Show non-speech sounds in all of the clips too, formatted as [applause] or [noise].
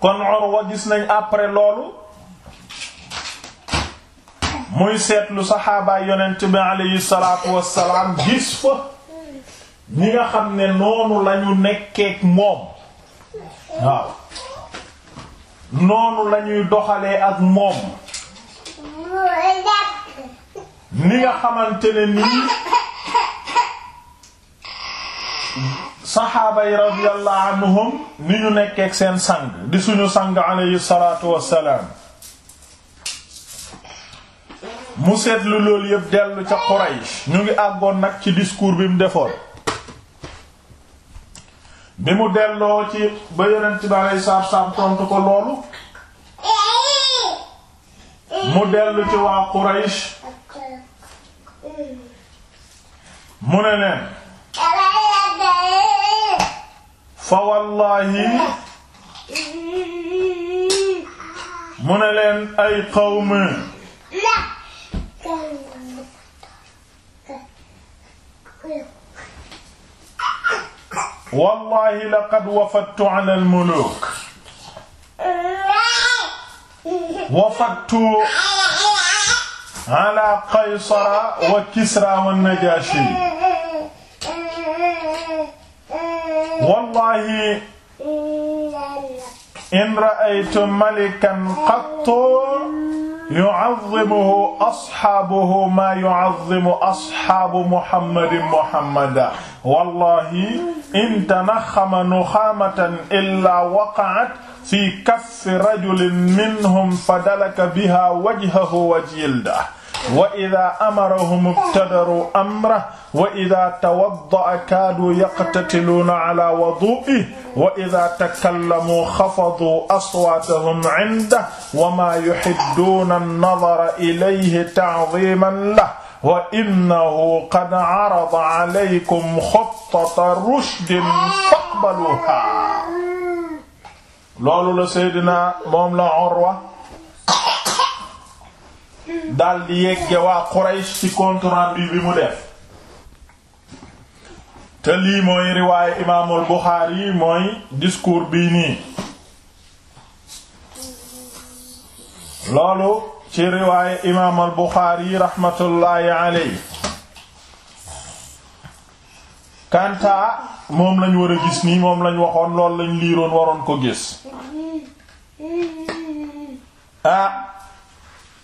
kon Urwa gis nañ après loolu muy seetlu saxaabaay yonent bi alayhi salaatu wassalaam gis fa ñi nga xam ne noonu lañu nekkeek moom waaw noonu lañuy doxalee ak moom ni nga xamante ne nii saxaaba yi radiyallahu anhum ni ñu nekkee seen sang di suñu sang alayhi salaatu wassalaam mu seetlu loolu yépp dellu ca Quraysh ñu ngi àggoon nag ci discours bi mu defoon bi mu delloo ci ba yonent bi alayhi salaatu tontu ko loolu mu dellu ci waa Quraysh mu ne leen fa wallaahi mu ne leen ay qawme wallaahi laqad wafadtu ala al-muluuk wafadtu ala qaysara wa kisra wa najaashi wallahi in ra'aytu malikan qattu yu'azzimuhu asxaabuhu maa yu'azzimu asxaabu muhammadin muhammadan wallaahi in tanaxxama nuxaamatan illaa waqa'at fii kaffi rajulin minhum fadalaka bihaa wajhahu wa jildahu wa ida amarahum ibtadaru amra wa ida tawaddaa kaadu yaqtatiluuna ala waduu'i wa ida takallamu xafaduu aswaatahum cinda wa maa yuhidduuna an-nadara ilayhi ta'diiman lahu wa innahu qad carada calaykum xattata rushdin faqbaluuhaa loolu la Seydina moom la Urwa daldi di yegge waa Quraysh ci compte bi mu def te lii mooy riwaaye imaamul Buxaari yi mooy discours bii nii loolu ci riwaaye imaamul Buxaari raxmatullaahi aley kantaa moom lañu war gis nii moom lañ waxoon loolu lañ liiroon waroon ko gis ah,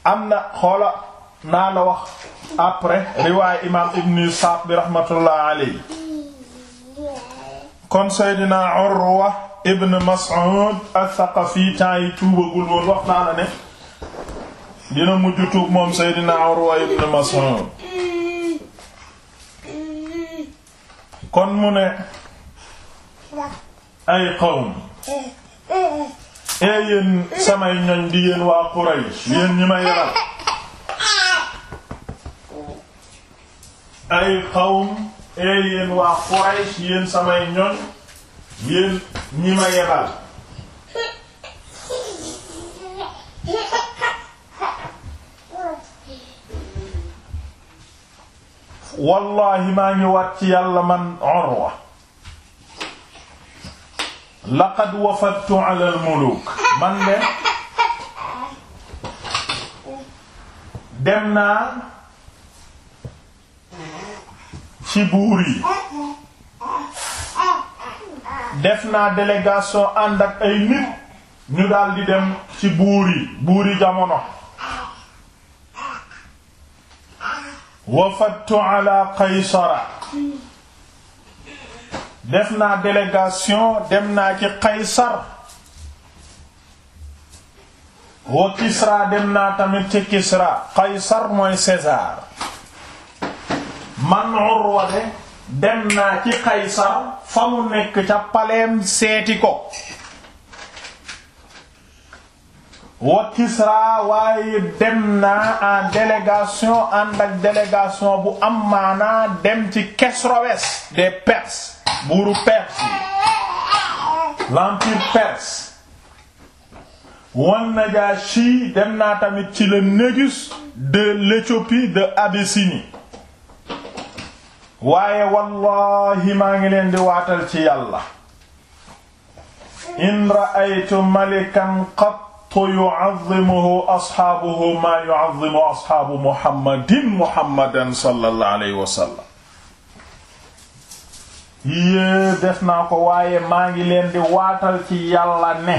am na xoola naa la wax après riwaay imaam ibn Isxaaq bi rahmatullah alayhi kon Seydina Urwa ibn Mas'ud al-Thaqafi temps yi tuubagul woon wax naa la ne dina mujj tuub moom Seydina Urwa ibn Mas'ud kon mu ne ay qawm ee eh, yéen samay ñoñ di yéen waa Quraysh yéen ñi may yaram ay qawm ee eh, yéen waa Quraysh yéen samay ñoñ yéen ñi ma yebal wallahi maa ngi wat ci yàlla man Urwa laqad wafadtu ala al muluk man de dem naa ci buur yi def naa ay nit ñu daal di dem ci buur yi buur yi jamono wafadtu def naa délégation dem naa ci Qaysar wa Kisra dem naa tamit ci Kisra Qaysar mooy César man Urwa dem naa ci Qaysar fa mu nekk ca paleem seeti ko wa Kisra waaye dem naa en délégation ànd ak délégation bu am maanaa dem ci Kesrowes des Perses buuru perse yi l'empire perse wan tamit ci le Négus de l'Éthiopie de Abyssinie waaye wallahi maa ngi leen di waatal ci yàlla in ra'aytu malikan qattu yu'azzimuhu ashaabuhu maa yu'azzimu ashaabu muhammadin muhammadan sallallahu alayhi wa yée def naa ko waaye maa ngi leen di waatal ci yàlla ne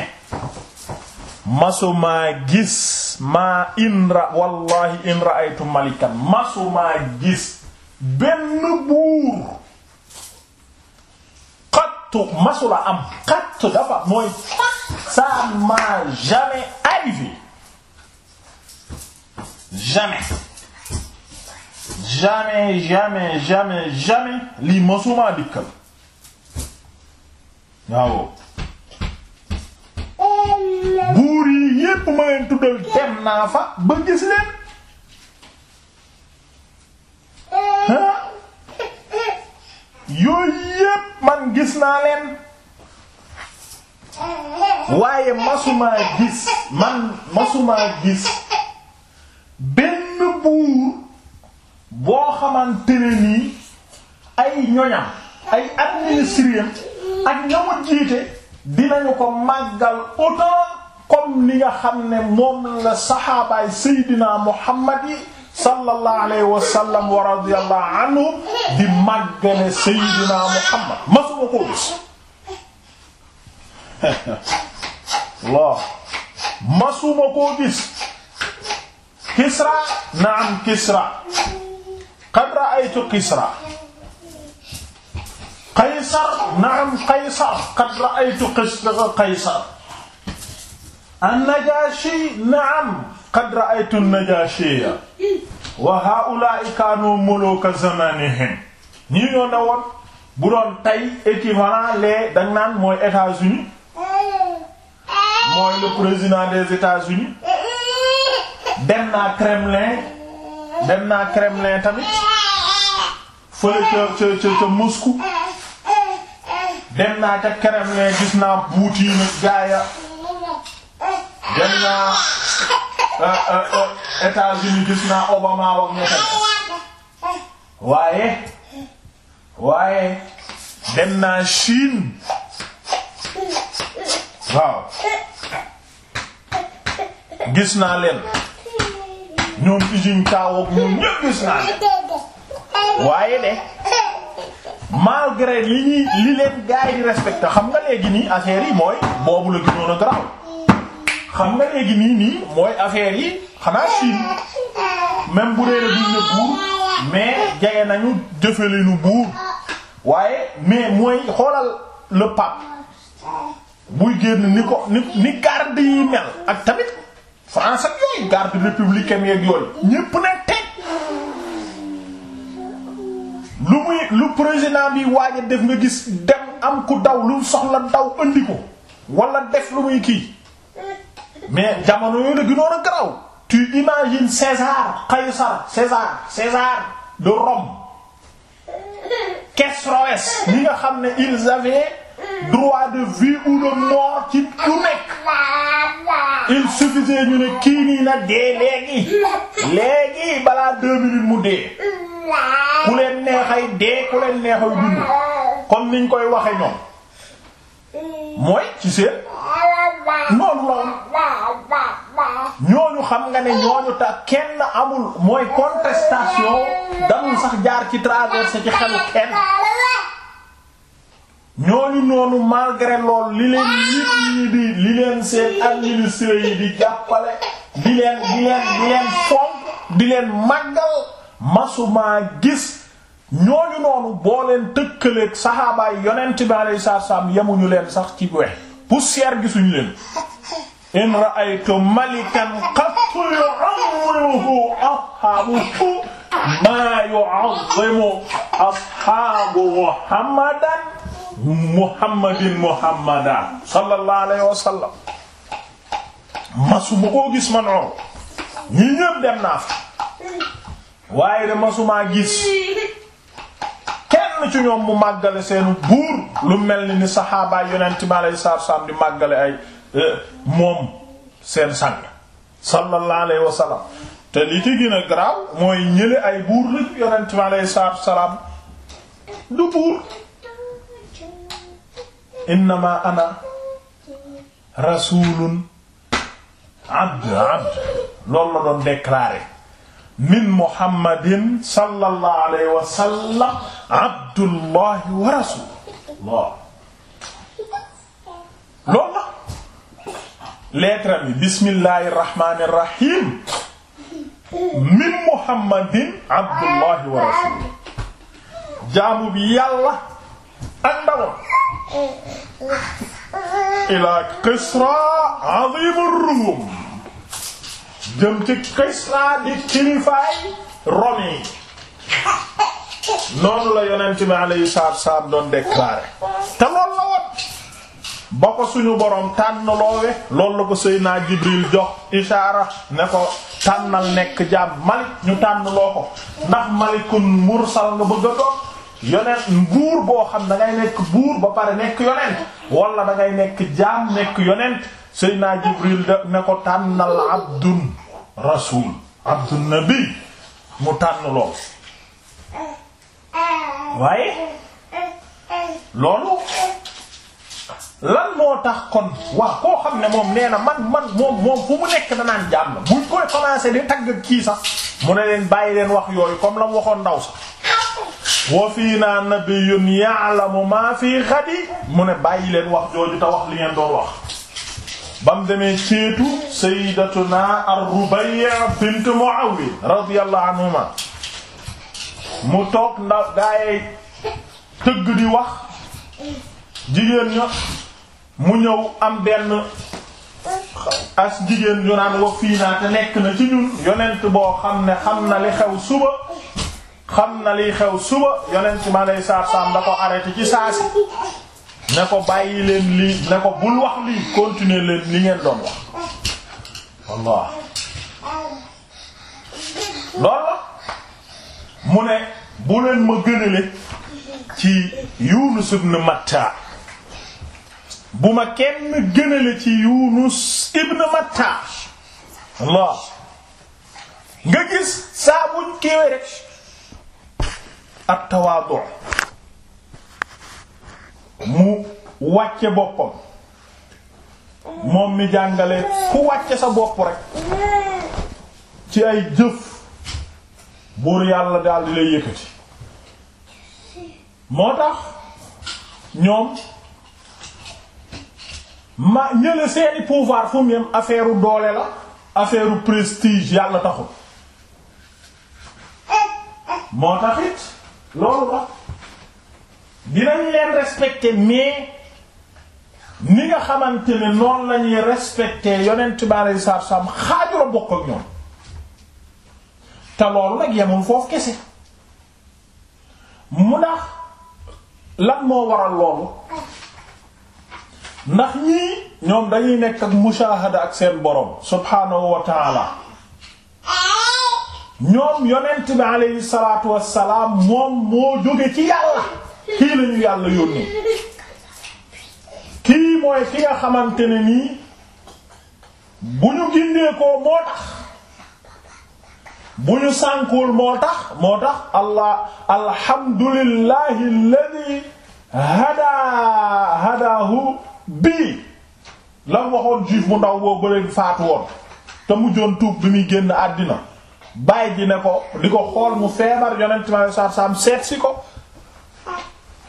masumaa gis maa inra wallahi in raaytu malikan masumaa gis benn buur xattu masula am xattu dafa mooy ça m'a jamais arrivé jamais jamais jamais jamais jamais lii masumaa dikkal waaw buur yi yépp ma leen tuddal dem naa fa ba gis leen yooyu yépp man gis naa leen waaye masumaa gis man masumaa gis benn buur boo xamante ne nii ay ñoñam ay administriem ak ña ma jiite dinañu ko màggal autant comme li nga xam ne moom la saxaabaay seydina muhammad yi sallallahu alayhi wa sallam wa radiyallahu anhu di màggale seydina muhammad masuma koo gis Allah masuma koo gis kisra naam kisra qad ra'aytu kisra Qaysar naam Qaysar qad ra'aytu Qaysar an-Najaashi naam qad ra'aytu an-Najaashiya wa haa'ulaa'i kaanu muluuka zamanihim ñii ñoo ne woon bu doon tey équivalent les dañ naan mooy États-Unis mooy le président des États-Unis dem naa Kremlin dem naa Kremlin tamit fële ca ca ca dem naa ca kerem ne gis naa buutiinu gaaya dem naa ah, ah, ah, États-Unis gis naa Obama wax ñexe waaye waaye dem naa Chine waaw gis naa leen ñoom usine kawoog ñoom ñëpp gis naa leen waaye de malgré li ñuy li leen gaay di respecté xam nga léegi nii affaire yi mooy boobu la gënoon a garaaw xam nga léegi nii nii mooy affaire yi xanaa Chine même bu dee la duñ buur mais jege nañu jëfalinu buur waaye mais mooy xoolal le pape buy génn ni ko ni ni garde yi mel ak tamit France ak yooyu garde républicaine yeeg yooyu ñépp na teg lu muy lu président bi waaj a def nga gis dem am ku daw lu soxla daw andi ko wala def lu muy kii mais jamono yooyu la gënoon a garaw tu imagines César Qaysar César César de Rome Kesroès ñi nga xam ne ils avaient droit de vie ou de ci ku nekk il suffisait ñu ne kii nii na dee léegi léegi balaa deux minutes mu dee ku leen neexay dee ku leen neexay dund comme niñ koy waxe ñoom mooy ci seen noonu loolu xam nga ne ñooñu ta kenn amul mooy contestation damul sax jaar ci traversé ci xelu kenn ñooñu noonu malgré lool li leen nit ñi di li leen seen administré yi di jàppale leen di leen di leen gis ñooñu noonu boo leen tëkkaleeg saxaabaay yonent bi alayhi salaam yemuñu leen sax ci wex poussière gisuñu leen in ra'aytu malikan qattu yu'ammuhu ashabuhu ma yu'azzimu ashabu muhammadan muhammadin muhammadan sallallahu alayhi wa sallam masuma koo gis man oom ñi ñëpp dem naa fa waaye de masumaa gis kenn ci mu màggale seenu buur lu mel ni ni saxaabaay yonent bi alayhi salaatu wa salaam di màggale ay eh, moom seen sang sallallahu alayhi wa sallam te li ci gën a garaaw mooy ñële ay buur lañu yonent bi alayhi salaatu du buur innama ana rasulun abd abd loolu doon déclaré min muhammadin sallallahu alayhi wa sallam lool loolu la lettre bi bismillahir rahmanir jaamu bi yàlla ak ndawam ilaa Kisra azim ar jëm ci Kisra di kilifaay Rome noonu la yonent bi alayhi salaatu salaam doon déclaré te loolu la woon ba ko suñu borom tànn loowe loolu la ko Seydina Jibril jox ishaara ne ko tànnal nekk jaam Malik ñu tànn loo ko ndax Malikun mursal nga bëgg a yonent buur boo xam da ngay nekk buur ba pare nekk yonent wala da nekk jaam nekk yonent Seydina Jibril da ne ko tànnal abdun rasul abdun nabi mu tànn lool waaye loolu lan moo tax kon wax koo xam ne moom nee na man man moom moom mu nekk danaan jaam la buñ koy commencé di tagg kii sax mu ne leen bàyyi leen wax yooyu comme la mu waxoon ndaw sa wa fii naa nabiyyun ya'lamu maa fii ghadi mu ne bàyyi leen wax jooju te wax li ngeen doon wax ba mu demee ceetu sayyidatuna ar-Rubayya bint Mu'awwid radiyallahu anhuma mu toog ndaw gaayay tëgg di wax jigéen ña mu ñëw am benn as jigéen ñu naan wax fii naa te nekk na ci ñun yonent boo xam ne xam na li xew suba xam na liy xew suba yonent ma lay saar saam da ko arrêté ci saasi ne ko bàyyi leen lii ne ko bul wax lii continuer leen li ngeen doon wax wallah loolu mu ne bu leen ma gënale ci Yunus ibn Matta bu ma kenn gënale ci Yunus ibn Matta Allah nga gis saa buñ kéwee rek at-tawaadu mu wàcce boppam moom mi jàngale ku wàcce sa bopp rek ci ay jëf buur yàlla daal di lay yëkkati moo tax ñoom ma ñële seeni pouvoir fu mu yem doole la affaire prestige yàlla taxul moo tax it loolu la dinañ leen respecter mais ni nga xamante ne noonu la ñuy respecter yonent bi aleyhi salaatu salaam xaajura bokk ak ñoom te loolu nag yemul foofu kese mu ndax lan moo waral loolu ndax ñii ñoom dañuy nekk ak mushahada ak seen borom subhaanahu wa taala ñoom yonent bi aleyhi salaatu wassalaam moom moo jóge ci yàlla kii lañu yàlla yónni kii mooy ki nga xamante ne nii bu ñu gindee moo tax bu ñu sànkuwul moo tax moo tax allah alhamdulillahi alladhi hada bii la waxoon juif bu ndaw boo bëleen faatu woon te mujjoon tuub bi muy génn àddina bàyyi ji ne ko di ko xool mu feebar yonent ma lay saar saam seet si ko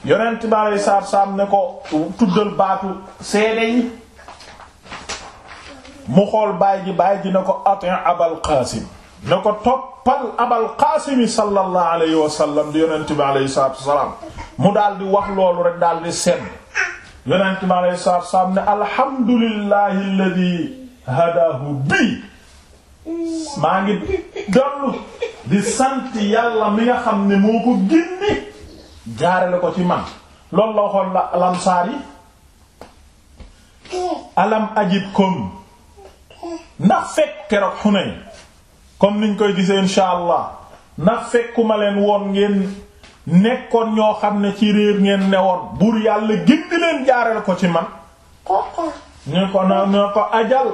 yonent ma lay saar saam ne ko tuddal baatu seede yi mu xool bàyyi ji bàyyi ji ne ko atin abal qaasim ne ko toppal abal qaasim sallallahu alayhi wa sallam di yonent bi alayhi salaatu wa mu daal di wax loolu rek daal di sedd yonent mi aleyhi salaatu wa salaam ne alhamdulillahi alladhi hadahu bi maa ngi dollu di sant yàlla mi nga xam ne moo ko génne jaarale ko ci man loolu la waxoon la lamsaar yi alam ajibkum ndax fekk keroog Hunayn comme niñ koy gisee insha allah ndax fekkuma leen woon ngeen nekkoon ñoo xam ne ci réer ngeen newoon buur yàlla gindi leen jaareel ko ci man ñu ko na ñu ko ajal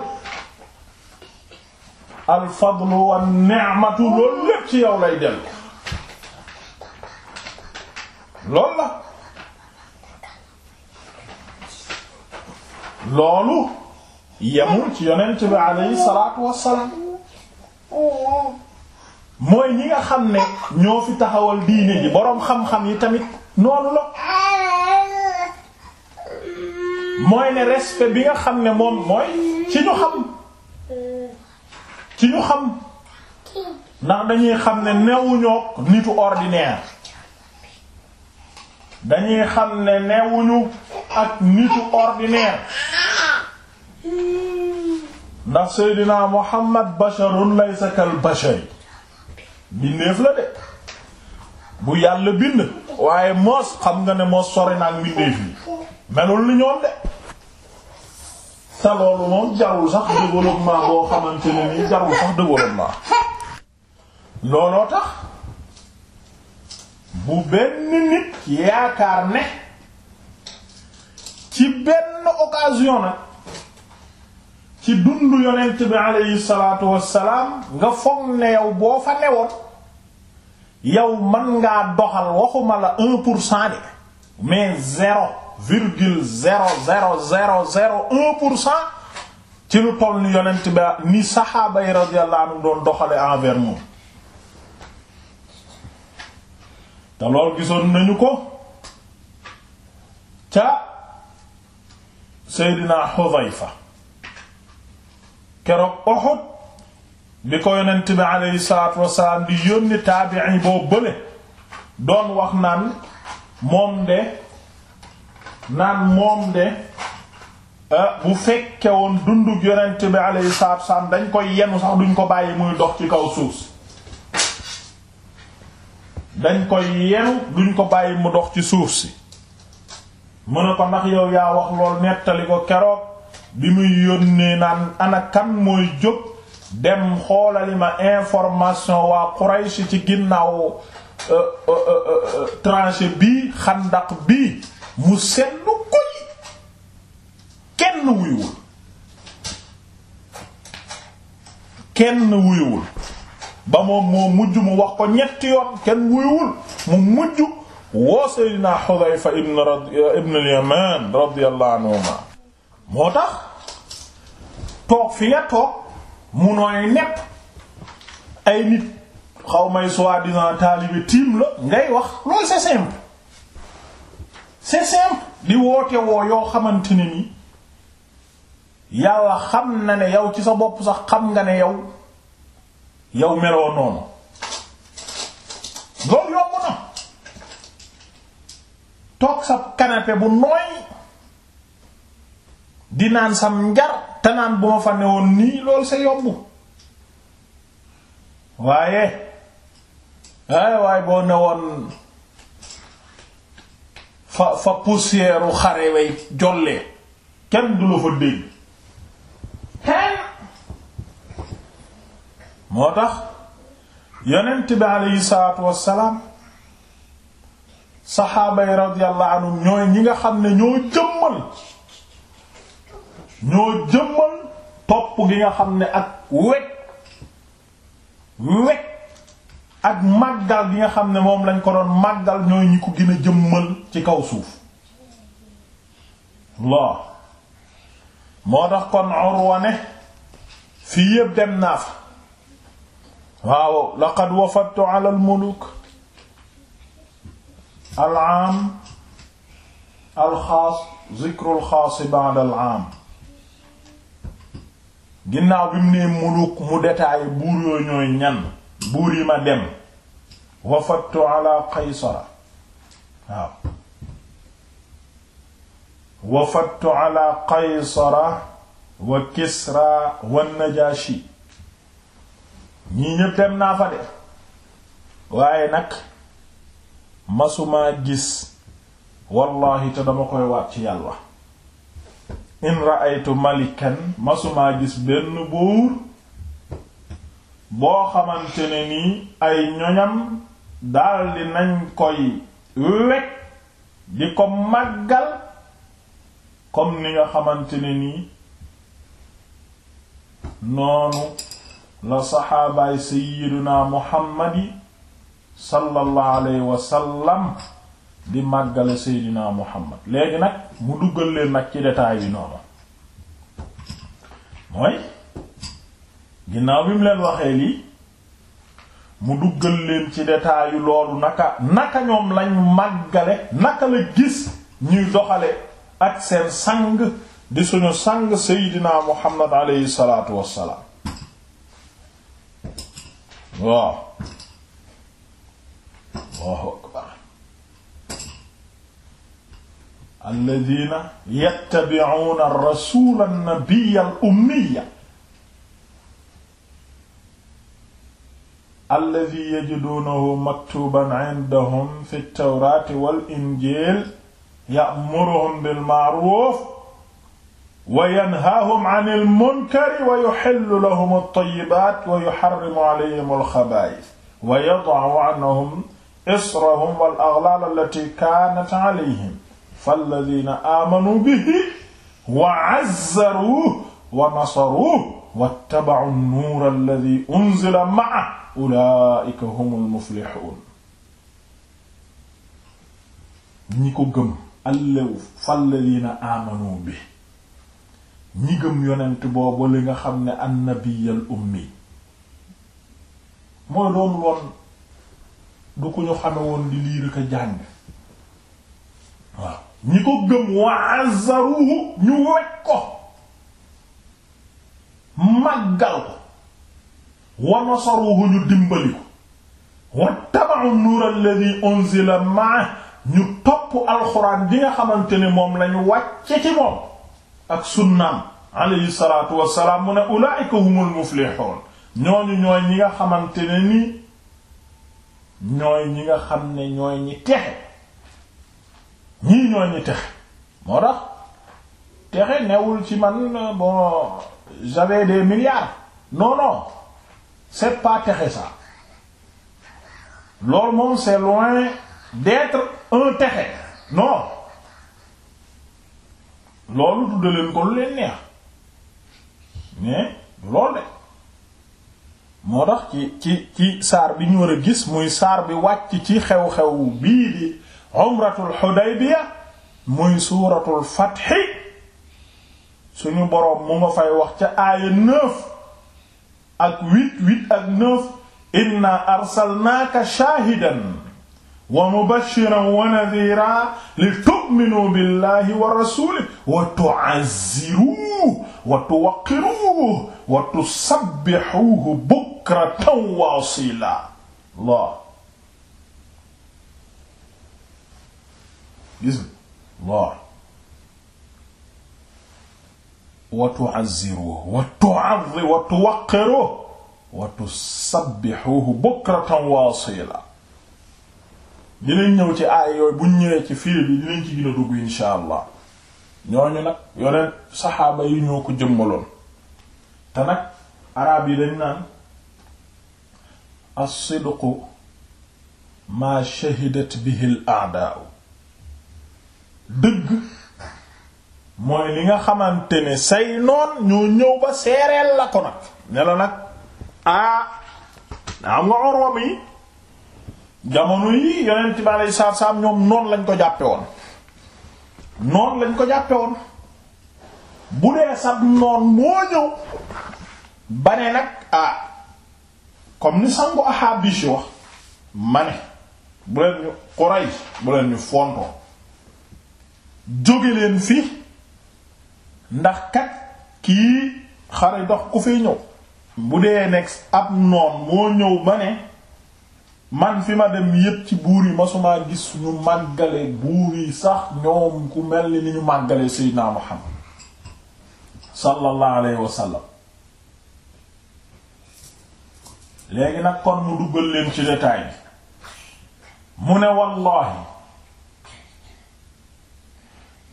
al fadlu wan ni'matu loolu lépp ci yow lay dellu loolu la loolu yemul ci yonent bi alayhi salaatu wassalaam oh, oh. mooy ñi nga xam ne ñoo fi taxawal diine ji boroom xam-xam yi tamit noonu la mooy ne respect bi nga xam ne moom mooy ci ñu xam ci ndax dañuy xam ne newuñoo nitu ordinaire dañuy xam ne newuñu ak nitu ordinaire ndax Seydina Muhammad basharun laysa kal yi bindeef la de bu yàlla bind waaye moos xam nga ne moo sori naag bindeef yi melul ni ñoom de te loolu moom jarul sax développement boo xamante ne nii jarul sax développement looloo tax bu benn nit yaakaar ne ci benn occasion nag ci dundu yonent bi aleyhi salaatu wassalaam nga foog ne yow boo fa newoon yow mën ngaa doxal waxuma la un pour cent de mais zéro virgule zéro zéro zéro un pour cent ci lu toll yonent bi ni saxaaba yi radiyallahu anhu doon doxale envers moom te lool gisoon nañu ko ca Seydina Xudayfa keroog Uhud bi ko yonent bi aleyhi salaatu wasalaam di yónni taabi'i boo bële doon wax naan moom de naan moom de ah, bu fekke woon dundug yonent bi aleyhi salaatu wasalaam dañ koy yenu sax duñ ko bàyyi muy dox ci kaw suuf si dañ koy yenu duñ ko bàyyi mu dox ci suuf si mën na ko ndax yow yaa wax lool nettali ko keroog bi muy yónnee naan ana kan mooy jóg dem xoolali ma information waa Quraysh ci ginnaaw euh, euh, euh, tranchée bi xandaq bi mu seetlu koy kenn wuyuwul kenn wuyuwul ba moom moo mujj mu wax ko ñetti yoon kenn wuyuwul mu mujj woo Seydina Xudayfa ibn ibn al-Yaman radiyallahu anhuma moo tax toog fi nga toog mu nooy nepp ay nit xaw may soi-disant taalibe tiim la ngay wax loolu c'est simple c'est simple di woote woo yoo xamante ne ni yàlla xam na ne yow ci sa bopp sax xam nga ne yow yow meloo noonu loolu yomb na toog sa canapé bu nooy di naan sam njar te naan bu ma fa newoon nii loolu sa yomb waaye waaye boo newoon fa fa poussière xare way jolle kenn du la fa dégg kenn moo tax yonent bi aleyhi salaatu wassalaam saxaaba yi radiyallahu anhum ñooy ñi nga xam ne ñoo jëmmal ñoo jëmmal topp gi nga xam ne ak wekk wekk ak màggal gi nga xam ne moom lañ ko doon màggal ñooy ñi ko gën a jëmmal ci kaw suuf waaw moo tax kon Urwa ne fii yépp dem naa fa waaw laqad wafadtu ala al muluk zikru al xaas ba'da ginnaaw bi mu nee muluk mu détaillé buur yooyu ñooy ñan buur yi ma dem wafattu ala qaysara wa kisra wa najashi ñii ñépp dem naa fa de waaye nag masumaa gis wallahi te dama koy waat ci yàlla in ra'aytu malikan masumaa gis benn buur boo xamante ne ay ñoñam daldi nañ koy wekk di ko màggal comme ni nga xamante ne nii noonu la saxaabaay sayyiduna muhammadi sallallahu alayhi wa sallam di màggale seydinaa muhammad léegi nag mu duggal leen nag ci détail bi noonu mooy ginnaaw bi mu leen waxee lii mu duggal leen ci détail loolu naka naka ñoom lañ màggale naka la gis ñuy doxale ak seen sang di suñu sang seydinaa muhammad aleyhi salaatu wassalaam waaw Allahu alladina yattabi'una rasula nabiyya al ummiya alladi yajiduunahu maktuban indahum fi tawraati wal injil ya'muruhum bil ma'ruuf wa yanhaahum 'anil munkari wa yuhillu lahum at-tayyibaat wa yuharrimu 'alayhim al-khabaa'ith wa yad'u 'anhum israhum wal aghlaal allatii kaanat 'alayhim falladiina aamanu bihi wa azzaruuhu wa nasaruuhu wattaba'u an-nuura alladhii unzila ma'ahu ulaa'ika humul muflihuun ñi ko gëm allewu falladiina aamanu bi ñi gëm yonent boobu li nga xam ne annabiyal ummi mooy doon woon du ko ñu xame woon di liir ko jàng waaw ñi ko gëm waazaruhu ñu wecc ko màggal ko wa nasaruhu ñu dimbali ko wa tabaxu nuur alladhi unzila ñu topp alxuraan di nga xamante ne moom lañu wàcce ci moom ak sunnaam alayhi salaatu wassalaam mu ne ulaa'ika humul muflixuun ñooñu ñooy ñi nga xamante ne nii ñooy ñi nga xam ne ñooy ñi texe ñii ñoo texe moo tax texe newul ci man bon j'avais des milliards non non c'est pas texe ça loolu moom c'est loin d'être un texe non loolu tudde ko lu leen neex mais loolu de moo tax ci ci ci saar bi ñu war a gis muy saar bi wàcc ci xew-xew bii di umratul Hudaybiya muy suuratul Fathi suñu boroom mu nga fay wax ca aaya neuf ak huit huit ak neuf inna arsalnaaka shaahidan wa mubashiran wa nadhiran li tu'minu billahi wa rasulihi wa tu'azziruhu wa tuwaqqiruhu wa tusabbihuhu bukratan wa asila Allah gis nga wa tu'azziruhu wa tu'azziruhu wa tuwaqqiruhu wa tusabbihuhu bukratan wa asila dinañ ñëw ci aay yooyu buñ ñëwee ci fiir bi dinañ ci gën a dugg insha allah ñooñu nag yoneen saxaaba yi ñoo ko jëmmaloon te nag arab yi dañ naan as-sidqu maa shahidat bihi al-a'daa dëgg mooy li nga xamante ne say noon ñoo ñëw ba seereel la ko nag ne la nag ah am nga Urwa mi jamono yi yonent bi alayhi salaatu ñoom noon lañ ko jàppe woon noon lañ ko jàppe woon bu dee sax noon moo ñëw ba nag ah comme ni sangu Ahaabish wax bu leen ñu Quraysh bu leen ñu fontoo jóge leen fi ndax kat kii xare dox ku fee ñëw bu dee nekk ab noon moo ñëw ba ne man fi ma dem yépp ci buur yi masumaa gis ñu màggale buur yi sax ñoom ku mel ni ñu màggale seydinaa Muhammad sallallahu alayhi wa léegi nag kon mu duggal leen ci détail bi mu ne wallaahi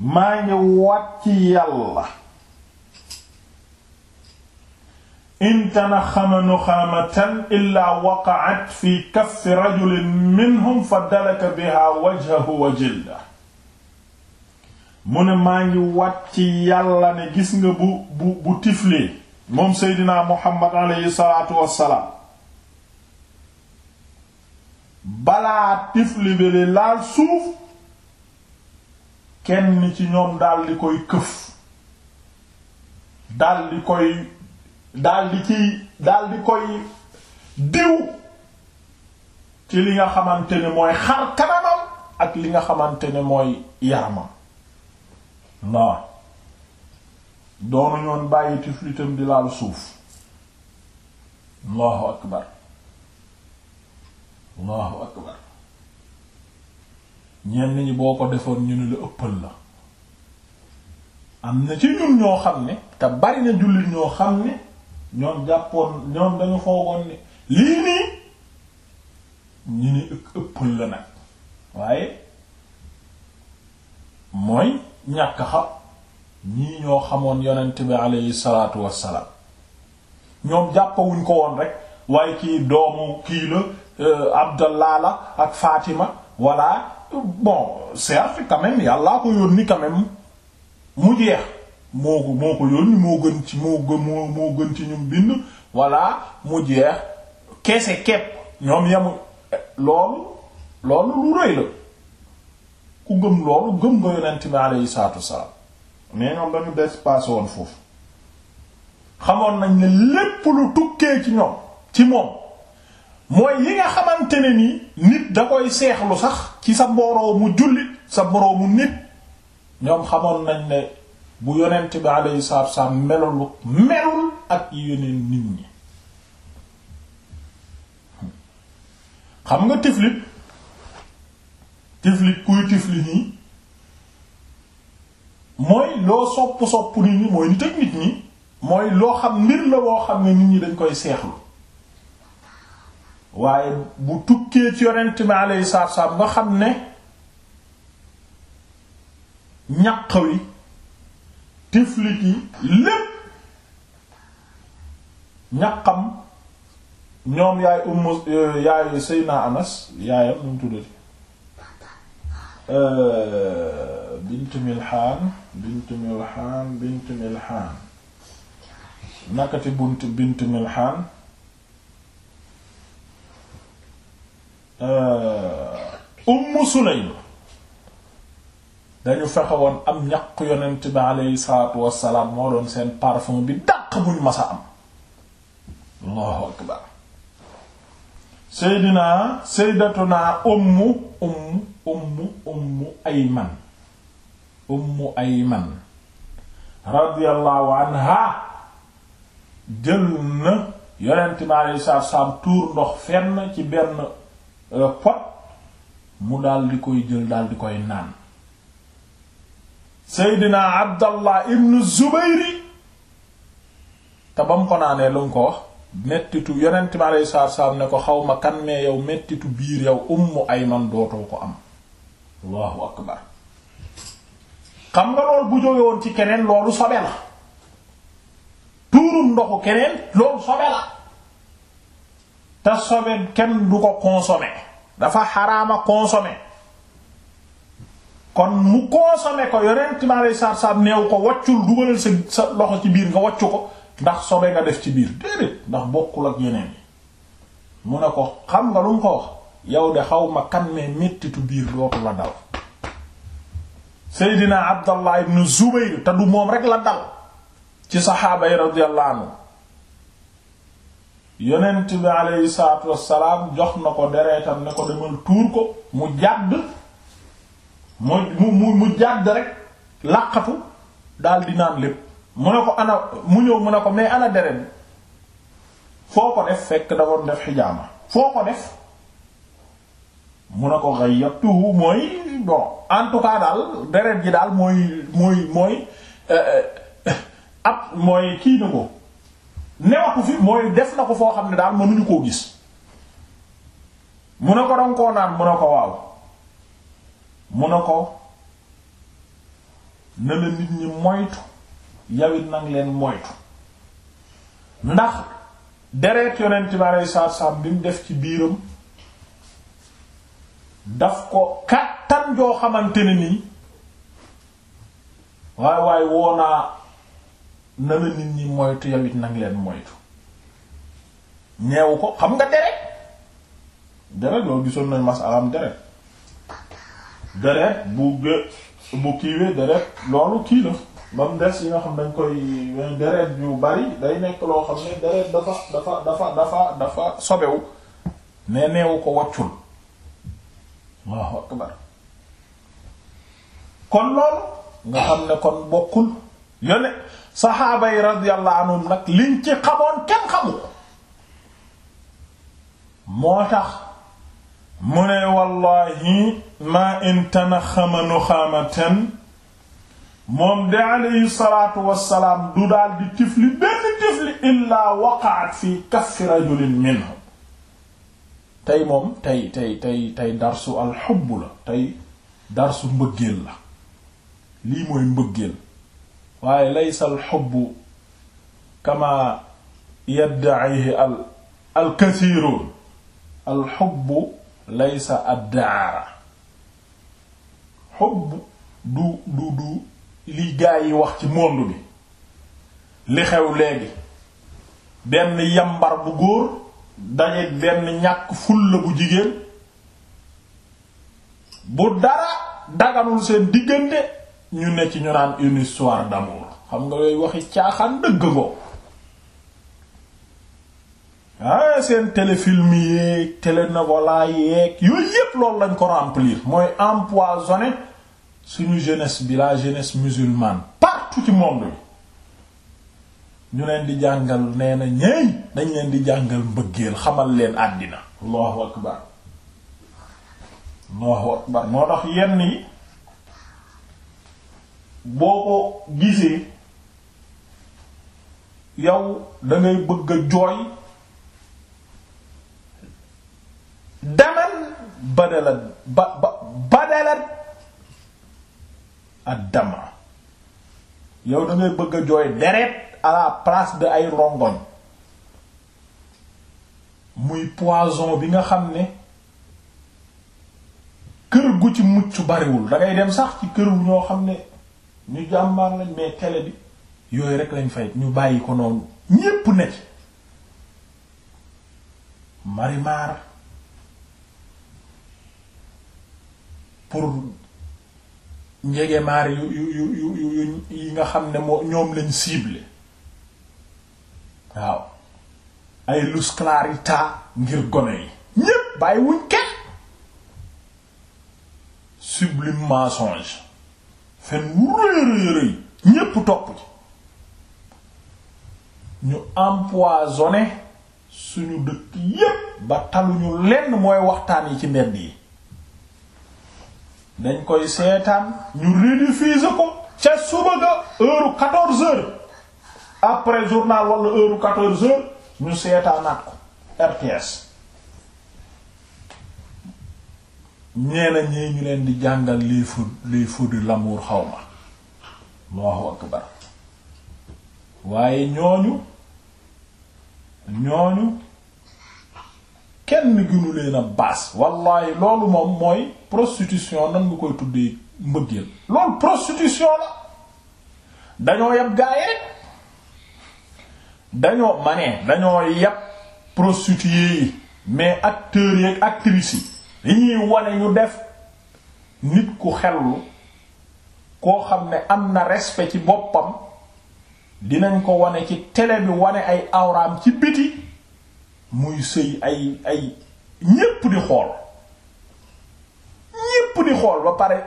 maa ngi waat ci yàlla intana xama nuxaamatan illaa waqaat fi kaffi rajulin minhum fa dalaka biha wajhahu wa jilda mu ne maa ngi waat ci yàlla ne gis nga bu bu bu tiflee moom muhammad aleyhi salaatu wassalaam balaa tifli bi laal suuf kenn ci ñoom daldi koy këf daldi koy daldi ci daldi koy diw ci li nga xamante ni mooy xar kanamam ak li nga xamante ne mooy yaramam waaw doonu ñoon bàyyi tiflitam di laal suuf allahu akbar allahu akbar ñenn ñi boo ko defoon ñu ne la ëppal la am na ci ñun ñoo xam ne te bari na jullit ñoo xam ne ñoom jàppoon ñoom dañu foogoon ne lii nii ñu ne ëppal la nag waaye mooy ñàkk xam ñii ñoo xamoon yonent bi aleyhi salaatu wassalaam ñoom jàppawuñ ko woon rek waaye kii doomu kii la euh, Abdallah la ak Fatima walla bon certes quand même yàllaa ko yónni quand mu jeex moo ko moo ko yónni moo gën ci moo gën moo gën ci ñu bind voilà mu jeex keese kepp ñoom yamu loolu loolu lu rëy la ku gëm loolu gëm nga yonent bi alayhi salaatu wassalaam mais ñoom dañu des passé woon foofu xamoon nañ ne lépp lu tukkee ci ñoom ci moom mooy yi nga xamante ne ni nit da koy seexlu sax ci sa mbooroo mu jullit sa mbooroo mu nit ñoom xamoon nañ ne bu yonent bi alayhi salaatu wassalaam melul melul ak yeneen nit ñi xam nga tiflit tiflit kuy tifli nii mooy loo sopp sopp nit ñi mooy nit ak nit ñi mooy loo xam mbir la boo xam ne nit ñi dañ koy seexlu waaye bu tukkee ci yonent bi alayhi salaatu salaam nga xam ne ñaq wi tiflit yi lépp ñaqam ñoom yaay ummu yaay Seyna Anas yaayam nu mu tuddati euh, bint Milhaan bint Milhaan bint Milhaan nakati bunt bint Milhaan Umm Sulaym dañu fexe woon am ñaq yonent bi aleyhi salaatu wassalaam moo doon seen parfum bi dàq buñ masa am Allahu akbar seydinaa seydatunaa umm umm umm umm ayman umm ayman radiyallahu anha jël na yonent bi aleyhi salaatu wassalaam tuur ndox fenn ci benn Euh, pot mu daal di koy jël daal di koy naan Seydina Abdallah ibn Zubayri te ba ko naanee lu ko wax mettitu yonent bi aleyhi salaatu ne ko xawma ma kan mais yow mettitu biir yow ummu ayman dootoo ko am allahu akbar xam nga loolu bu jóge ci keneen loolu sobe la tuurum ndoxu keneen loolu sobe la te sobe kenn du ko consommer dafa xaraama consommer kon mu consommer ko yonent mi aleyhi salaatu salaam neew ko waccul dugalal sa sa loxo ci biir nga waccu ko ndax sobe nga def ci biir déedéet ndax bokkul ak yeneen yi mu ne ko xam nga lu ko wax yow de xaw ma kan ne mettitu biir dootu la dal Seydina Abdallah ibn Zubayr te du moom rek la dal ci saxaaba yi radiyallahu anhu yonent bi aleyhi salaatu jox na ko deretam ne ko demal tuur ko mu jàdd mu mu mu jàdd rek làqatu daal di naan lépp mu ne ko ana mu ñëw mu ne ko mais ana deret bi foo ko def fekk da doon def xijaama foo ko def mu ne ko ghayyatuhu mooy bon en daal deret ji daal mooy mooy mooy euh, euh, ab mooy kii na ko newatu fi mooy def na ko foo xam ne daal mënuñu koo gis mu ne ko danga koo naan mu ne ko waaw mu ne ko na nit ñi moytu yawit nag leen moytu ndax deret yonent bi aleyhi salaatu bi mu def ci biiram daf ko kàttan joo xamante ni nii waaye na la nit ñi moytu yow nag leen moytu neewu ko xam nga deret deret loolu bu gë loolu kii la ba mu des yi nga xam dañ koy deret yu bari day nekk loo xam ne deret dafa dafa dafa dafa dafa sobewu ne neewu ko waccul waaw akbar kon loolu nga xam ne kon bokkul yone saxaaba yi radiyallahu anhum nag liñ ci xamoon kenn xamu ko moo tax mu ne wallahi ma in tanaxama nuxaamatan moom de alayhi salaatu wassalaam du daal di tifli benn tifli illaa waqaat fi kaffi rajulin minhum tey moom tey tey tey tey darsu alxubb la tey darsu mbëggeel la lii mooy mbëggeel waaye laysa al xubbu kama yadda'ihi al al kathiirun laysa addaara xubbu du du du li yi wax ci monde bi li xew léegi benn yambar bu góor dajeek benn ñàkk fulla bu jigéen bu dara daganul seen diggante ñu ne ci ñu naan une histoire d'amour xam nga yooyu waxi caaxaan dëgg ko ah seen téléfilm yeeg télénovela yeeg yooyu yépp loolu lañ ko remplir mooy empoisonné suñu jeunesse bi jeunesse musulmane partout ci monde bi ñu leen di jàngal nee na ñeeñ dañ leen di jàngal mbëggeel xamal leen àddina allahu akbar allahu akbar moo tax yenn yi boo ko gisee yow da ngay bëgg a jooy daman badalat ba ba badalat ak dama yow da ngay bëgg a jooy deret à la place de ay rongoñ muy poison bi nga xam ne kër gu ci mucc bariwul da dem sax ci kër gu ñoo xam ne ñu jàmbaar lañ mais télé bi yooyu rek lañ fay ñu bàyyi ko noonu ñépp ne ci marimar pour njegemaar yu yu yu yu yi nga xam ne moo ñoom lañ ciblé waaw ay lus clarita ngir gone yi ñépp bàyyi wuñ kenn sublime mensonge fen wurëyërëyërëy ñépp topp ci ñu empoisonné suñu dëkk yépp ba taluñu lenn mooy waxtaan yi ci mbedd yi dañ koy seetaan ñu rediffuse ko ca suba ga heure quatorze heures après journal wala heure quatorze heures ñu seetaanaat ko ñeena ñee ñu leen di jàngal les feux les feux de l'amour xawma Allahu akbar waaye ñooñu ñooñu kenn gënu leen a baas wallahi loolu moom mooy prostitution nan nga koy tuddee mbëggeel loolu prostitution la dañoo yab gaaye dañoo ma ne dañoo yab prostituées yi mais acteurs yi ak li ñuy wane ñu def nit ku xellu koo xam ne am na respect ci boppam dinañ ko wane ci télé bi wane ay awraam ci biti muy sëy ay ay ñépp di xool ñépp di xool ba pare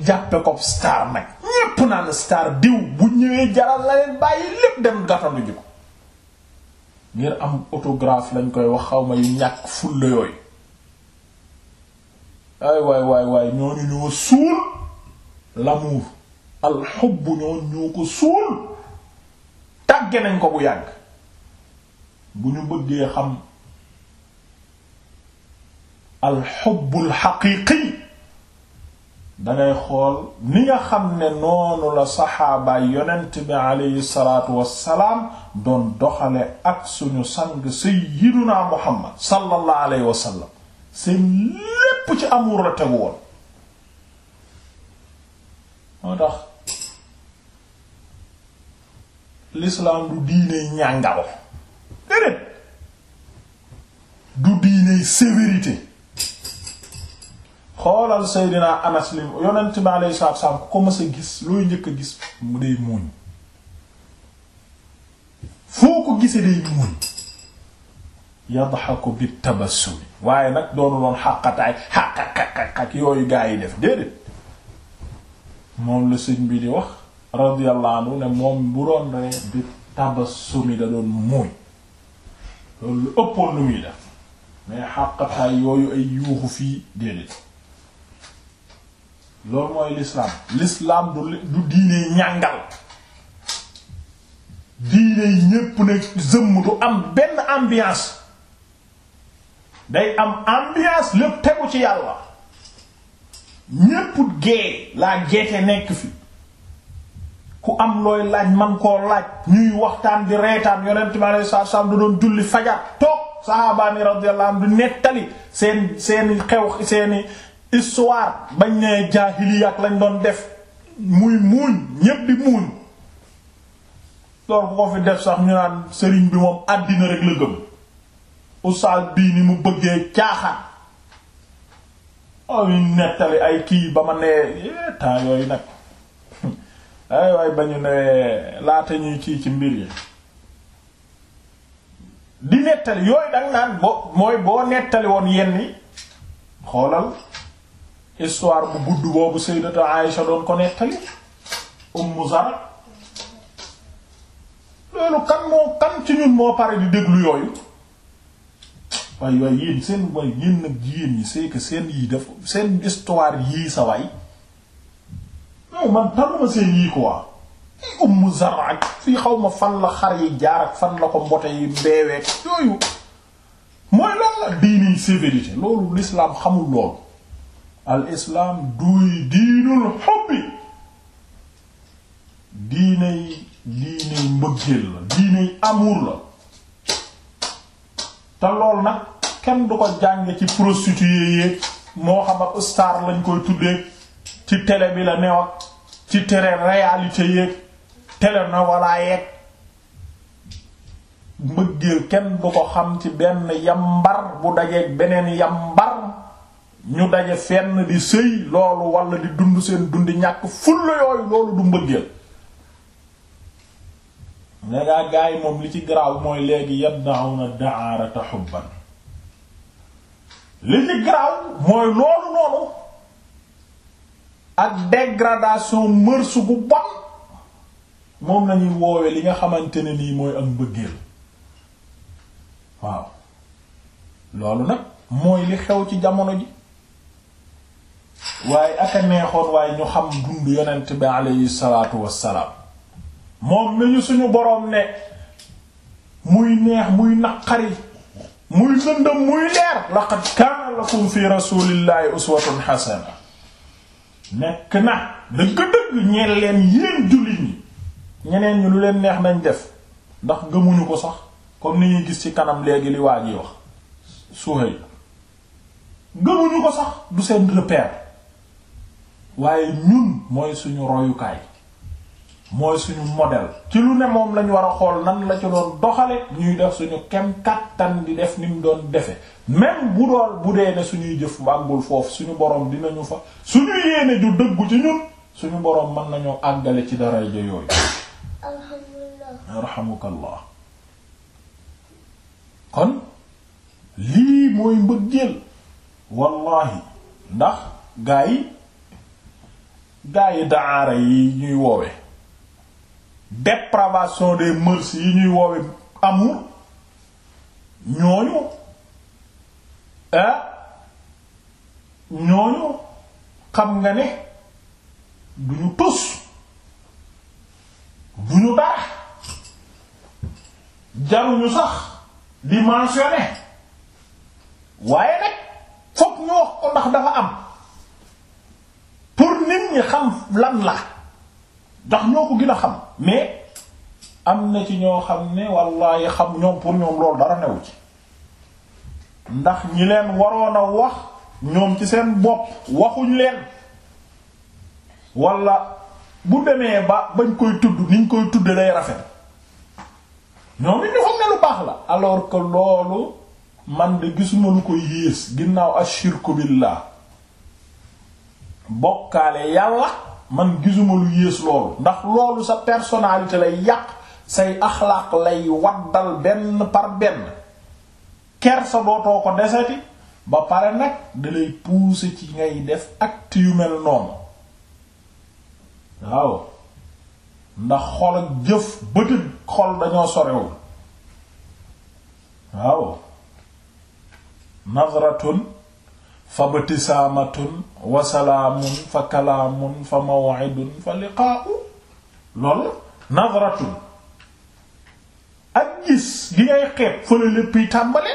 jàppe ko star nag ñépp naan star diw bu ñëwee jaral la leen bàyyi lépp dem gàttanuñu ko ngir am autographe lañ koy wax xawma yu ñàkk fulla yooyu ay waay waay waay ñooñu ñoo suul l'amour al hubb ñooñu ñoo ko suul tàgge nañ ko bu yàgg bu ñu bëggee xam al xubbul xaqiiqi dangay xool ni nga xam ne noonu la saxaabaay yonent bi aleyhi salaatu wassalaam doon doxale ak suñu sang sayyiduna muhammad sallallahu alayhi wasallam seen lépp ci amour la tegu woon moo tax l'islam du diine ñàngalo déedéet du diine sévérité xoolal Seydina Anas lim yonent bi alayhi salaatu wa salaam ku ko mës a gis looy njëkk a gis day muuñ foo ko gisee day muuñ yadxaku bi tabassumi waaye nag doonu loon xaqataay xaqaqaqaq yooyu gaa yi def déedéet moom la sëñ bi di wax radiyallahu anhu ne moom bu doon ree bi tabassumi da doon muuñ loolu ëppoon lu muy def mais xaqataay yooyu ay yuuxu fii déedéet loolu mooy lislaam lislaam du diine ñàngal diine ñépp ne zëmm du am benn ambiance day am ambiance lépp tegu ci yàlla ñépp gee laa geete nekk fi ku am looy laaj man koo laaj ñuy waxtaan di reetaan yonent bi alayhi salaatu salaam da doon julli fajar toog sahabaani radiyallahu anhum du nettali seen seeni xew seeni histoire bañ nee jaahiliya lañ doon def muy muuñ ñépp di muuñ loolu ko fi def sax ñu naan sëriñ bi moom àddina rek la gëm usaal bii ni mu bëggee caaxaan oy nettali ay kii ba ma nee eh, temps yooyu nag [laughs] ay waay ba ñu newee laata ñuy kii ci mbir yi di nettali yooyu dang naan bo mooy boo nettali woon yenni xoolal histoire bu gudd boobu sayyidatu Aïsha doon ko nettali Ummu Zara loolu kan moo kan ci ñun moo pare di déglu yooyu waay waay yéen seen waay yéen nag jigéen ñi c'est que seen yii def seen histoire yii sa waay man taluma seen yii quoi i ummu zar ak fii xaw ma fan la xar yi jaar ak fan la ko mbote yi beeweeg yooyu mooy loolu la diini sévérité loolu l'islam xamul loolu al duy diinul hubbi diinay diinay mbëggeel la diinay amour la te lool nag kenn du ko jàng ci prostituée yeeg moo xam ak star lañ koy tuddee ci télé bi la neew ci télé réalité yeeg télé na walla yeeg mbëggeel kenn du ko xam ci benn yambar bu dajeeg beneen yambar ñu daje fenn di sëy loolu walla di dund seen dundi ñàkk fulla yooyu loolu du mbëggeel negaa gaay moom li ci garaaw mooy léegi yad'una da'arata hubban li ci garaaw mooy loolu noonu ak dégradation mërsu bu bon moom nañuy woowe li nga xamante ne nii mooy am mbëggeel waaw loolu nag mooy li xew ci jamono ji waaye ak a neexoon waaye ñu xam dund yonent bi aleyhi salaatu wassalaam moom nañu suñu boroom ne muy neex muy naqari muy lëndëm muy leer laqad kaana lakum fi rasulillahi uswatun hasana nekk na dëgg-dëgg ñeel leen yéen jullit ñi ñeneen ñu lu leen neex nañ def ndax gëmuñu ko sax comme ni ñuy gis ci kanam léegi li waa ji wax Suhayl gëmuñu ko sax du seen repère waaye ñun mooy suñu royukaay mooy suñu model ci lu ne moom lañ war a xool nan la ci doon doxale ñuy def suñu kem kattan di def ni mu doon defe même bu dool bu dee ne suñuy jëf mbàggul foofu suñu borom dinañu fa suñu yéene ju dëggu ci ñun suñu borom mën nañoo àggale ci dara ja yooyu alhamdulillah yarhamukallah kon lii mooy mbëggeel wallahi ndax gaa yi gaa yi daara yi ñuy woowe dépravation des mœurs yi ñuy woowe amour ñooñu ah ñooñu xam nga ne du ñu tus du ñu dara jaruñu sax di mentionné waaye nag fokk ñu wax ko ndax dafa am pour nit ñi xam lan la ndax ñoo ko gën a xam mais am na ci ñoo xam ne wallahi xam ñoom pour ñoom loolu dara newu ci ndax ñi leen waroon a wax ñoom ci seen bopp waxuñ leen wala bu demee ba bañ koy tudd niñ koy tudd day rafet ñoom it ñu xam ne lu baax la alors que loolu man de gisuma lu ko yées ginnaaw ashirku billah bokkaale yàlla man gisuma lu yées loolu ndax loolu sa personnalité lay yàq say axlaaq lay waddal benn par benn kersa dootoo ko deseti ba pare nag dalay pousser ci ngay def acte yu mel noonu waaw ndax xol ak jëf bët xol dañoo sorewul waaw nazratun fa btisaamatun wa salaamun fa kalaamun fa maw'idun fa liqaa'u loolu nadratun ak gis gi ngay xeeb fële léppiy tàmbale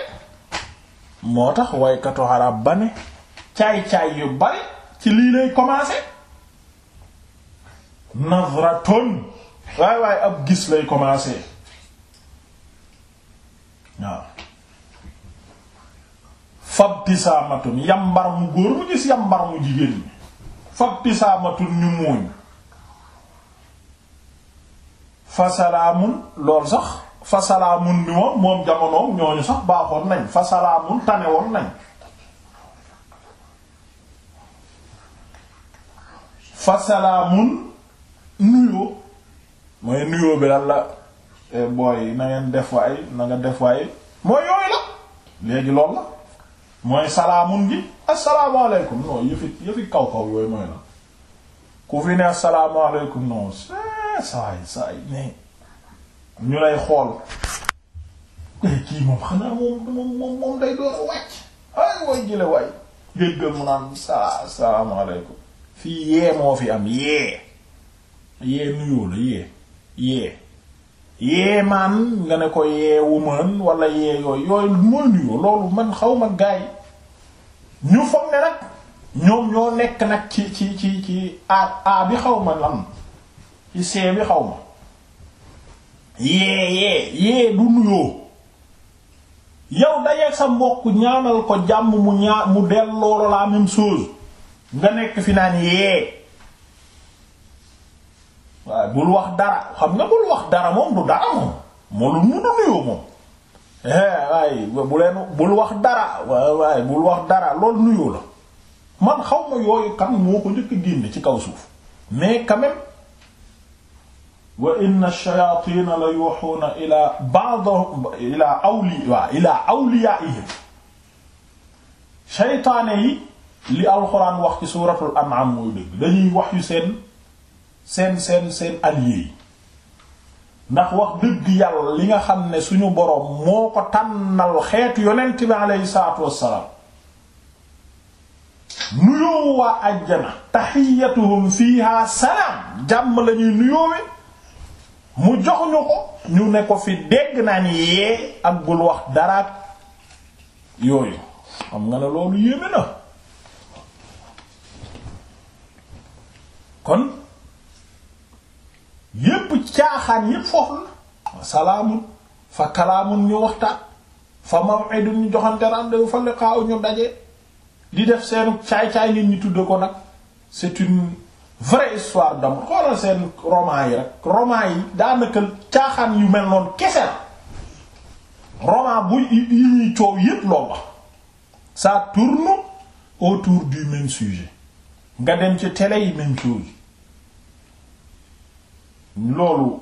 moo tax waykatu arab ba ne caay-caay yu bari ci lii lay commencer nadratun waay waay ab gis lay commencer waaw fabtisaamatun yambar mu góor mu gis yambar mu jigéen ñi fabtisaamatun ñu muuñ fa lool sax fa ni woon moom jamonoom ñooñu sax baaxoon nañ fa salaamun tane woon nañ fa nuyoo mooy nuyoo bi lan la eh, booy na ngeen def waay na def waay mooy yooyu la léegi lool la mooy salaamun gi asalaamaaleykum non yëfi yëfi kaw kaw yooyu mooy la ku fi ne asalaamaaleykum non saay saay ne ñu lay xool kii moom xanaa moom moom moom moom day door a ay way jële waay déggal mu naan sa salaamaaleykum fii yee moo fi am yee yee nuyoo la yee yee yeemaan nga ne ko yeewu mën wala yee yooyu yooyu mooy nuyoo loolu man xawma gaay ñu foog ne nag ñoom ñoo nekk nag ci ci ci ci a bi xaw ma lan ci see bi xaw ma yee yee yee du nuyoo yow dajeeg sa mbokk ñaanal ko jàmm mu ñaa mu delloo la même chose nga nekk fi naan yee waaye bul wax dara xam nga bul wax dara moom du dara moom moo lu munu nuyoo moom eh, waaye bu bul wax dara waaye bul wax dara lool nuyoo la man xaw ma yooyu kan moo ko njëkk génn ci kaw suuf mais quand même wa inna ash-shayatina la yuhuna ila ba'dihim ila awli ila awliyaihim shaytaane li alxuraan wax ci suuratul an'am mooy dëgg dañuy wax yu seen seen seen seen allié yi ndax wax bi yàlla li nga xam ne suñu boroom moo ko tànnal xeet yonent bi aleyhi salaatu wassalaam nuyoo waa àjjana taxiyatuhum fiiha salaam jàmm lañuy nuyoowe mu jox ñu ko ñu ne ko fi dégg naan yee ak bul wax daraat yooyu xam nga ne loolu yéeme na kon yépp caaxaan yépp foofu la salaamun fa kalaamun ñu waxtaan fa maw'idun ñu joxante rendez-vous fa liqaa'u ñu daje di def seen caay-caay nit ñi tudde ko nag c'est une vraie histoire d'amour xoolal seen roman yi rek roman yi daanaka caaxaan yu mel noonu kese la roman bu yi ñuy coow yépp loolu la ça autour du même sujet nga dem ci télé yi même chose loolu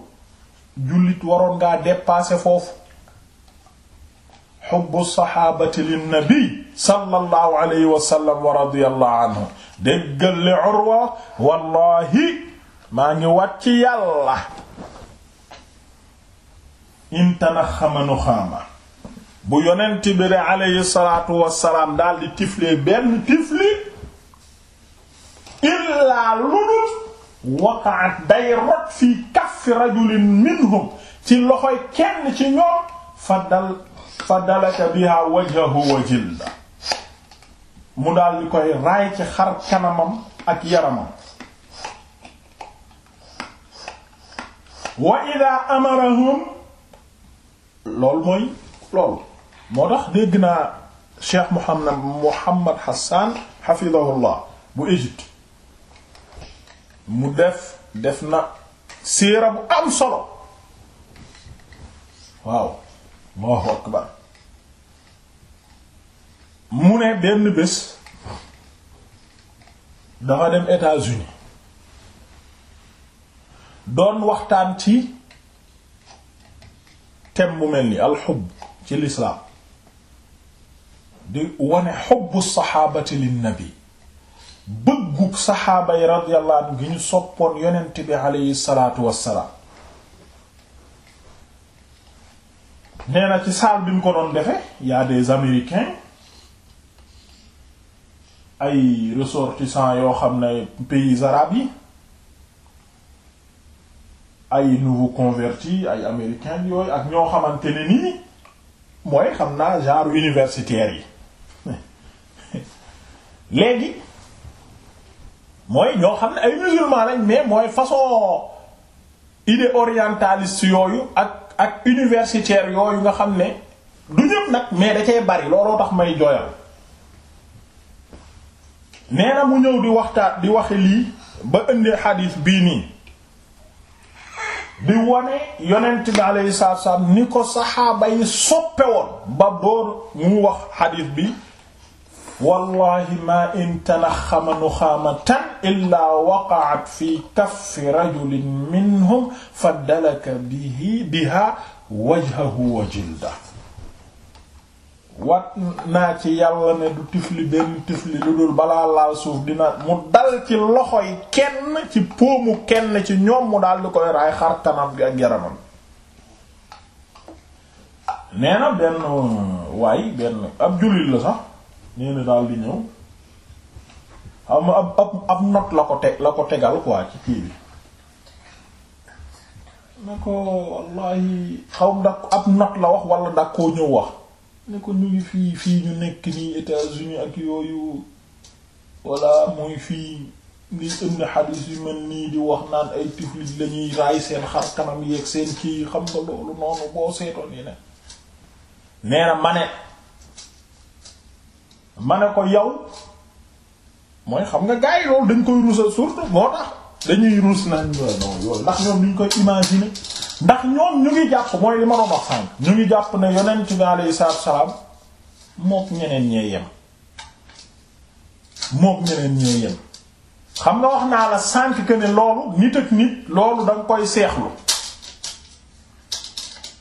jullit waroon ngaa dépasser foofu xubbu saxaabati linnabi sallallahu alayhi wa sallam wa radiyallahu anhu déggal li Urwa wallahi maa ngi wat ci yàlla intana xamanu xaama bu yonent bi de alayhi salaatu wassalaam daal di tiflee benn tifli illaa lu waqa'at day rot fii kaffi rajulin minhum ci loxoy kenn ci ñoom fa dal fa dalaka biha wajhahu wa jilda mu daal di koy raay ci xar kanamam ak yaramam wa ida amarahum loolu mooy loolu moo tax dégg naa cheikh Muhammad Muhammad Hassan hafidahullah bu Égypte mu def def na siira bu am solo waaw Allahu akbar mu ne benn bés dafa dem États-Unis doon waxtaan ci thème bu mel ni alxubb ci lislaam di wane xubbu saxaabati linnabi bëggug saxaaba yi radiyallahu anhu gi ñu soppoon yonent bi aleyhi salaatu wassalaam na ci saal bi mu ko doon defe ay ressortissants yoo xam ne pays arabes yi ay nouveaux convertis ay américains yooyu ak ñoo xamante ne nii mooy xam naa genre universitaires yi [laughs] léegi mooy ñoo xam ne ay musulman lañ mais mooy façon idée orientaliste yooyu ak ak universitaire yooyu nga xam ne du ñëpp nag mais da bari looloo tax may jooyal nee mu ñëw di waxtaan di waxe lii ba indee xadiis bii nii di wane yonent bi alayhi salaatu wa ni ko saxaaba yi soppe woon ba door mu wax xadiis bi wallahi ma in tanaxama nuxaamatan illaa waqaat fi kaffi rajulin minhum fa dalaka bihi biha wajhahu jilda wat naa ci yàlla ne du tifli benn tifli lu dul balaa laal suuf dina mu dal ci loxoy kenn ci póomu kenn ci ñoom mu daal di koy raay xar bi ak yaramam nee benn waay benn ab jullit la sax nee na daal di ñëw xam nga ab ab not la ko teg la ko tegal quoi ci kii bi ne ko wallahi xaw ndax ab not la wax walla ndax koo ñëw wax ne ko ñu fii fii ñu nekk nii États-Unis ak yooyu wala muy fii li ënd xadiis yu mel nii di wax naan ay tiflit lañuy raay seen xar kanam yeeg seen kii xam nga loolu noonu boo seetoon yi ne nee ma ne ko yow mooy xam nga gars loolu dañ koy rusa surtout moo tax dañuy ruus nañ non yooyu ndax ñoom niñ koy imaginer ndax ñoom ñu ngi jàpp mooy li ma doon wax sànq ñu ngi jàpp ne yonent bi alayhi salaatu salaam mook ñeneen ñee yem xam nga wax naa la sànq que ne loolu nit ak nit loolu da koy seexlu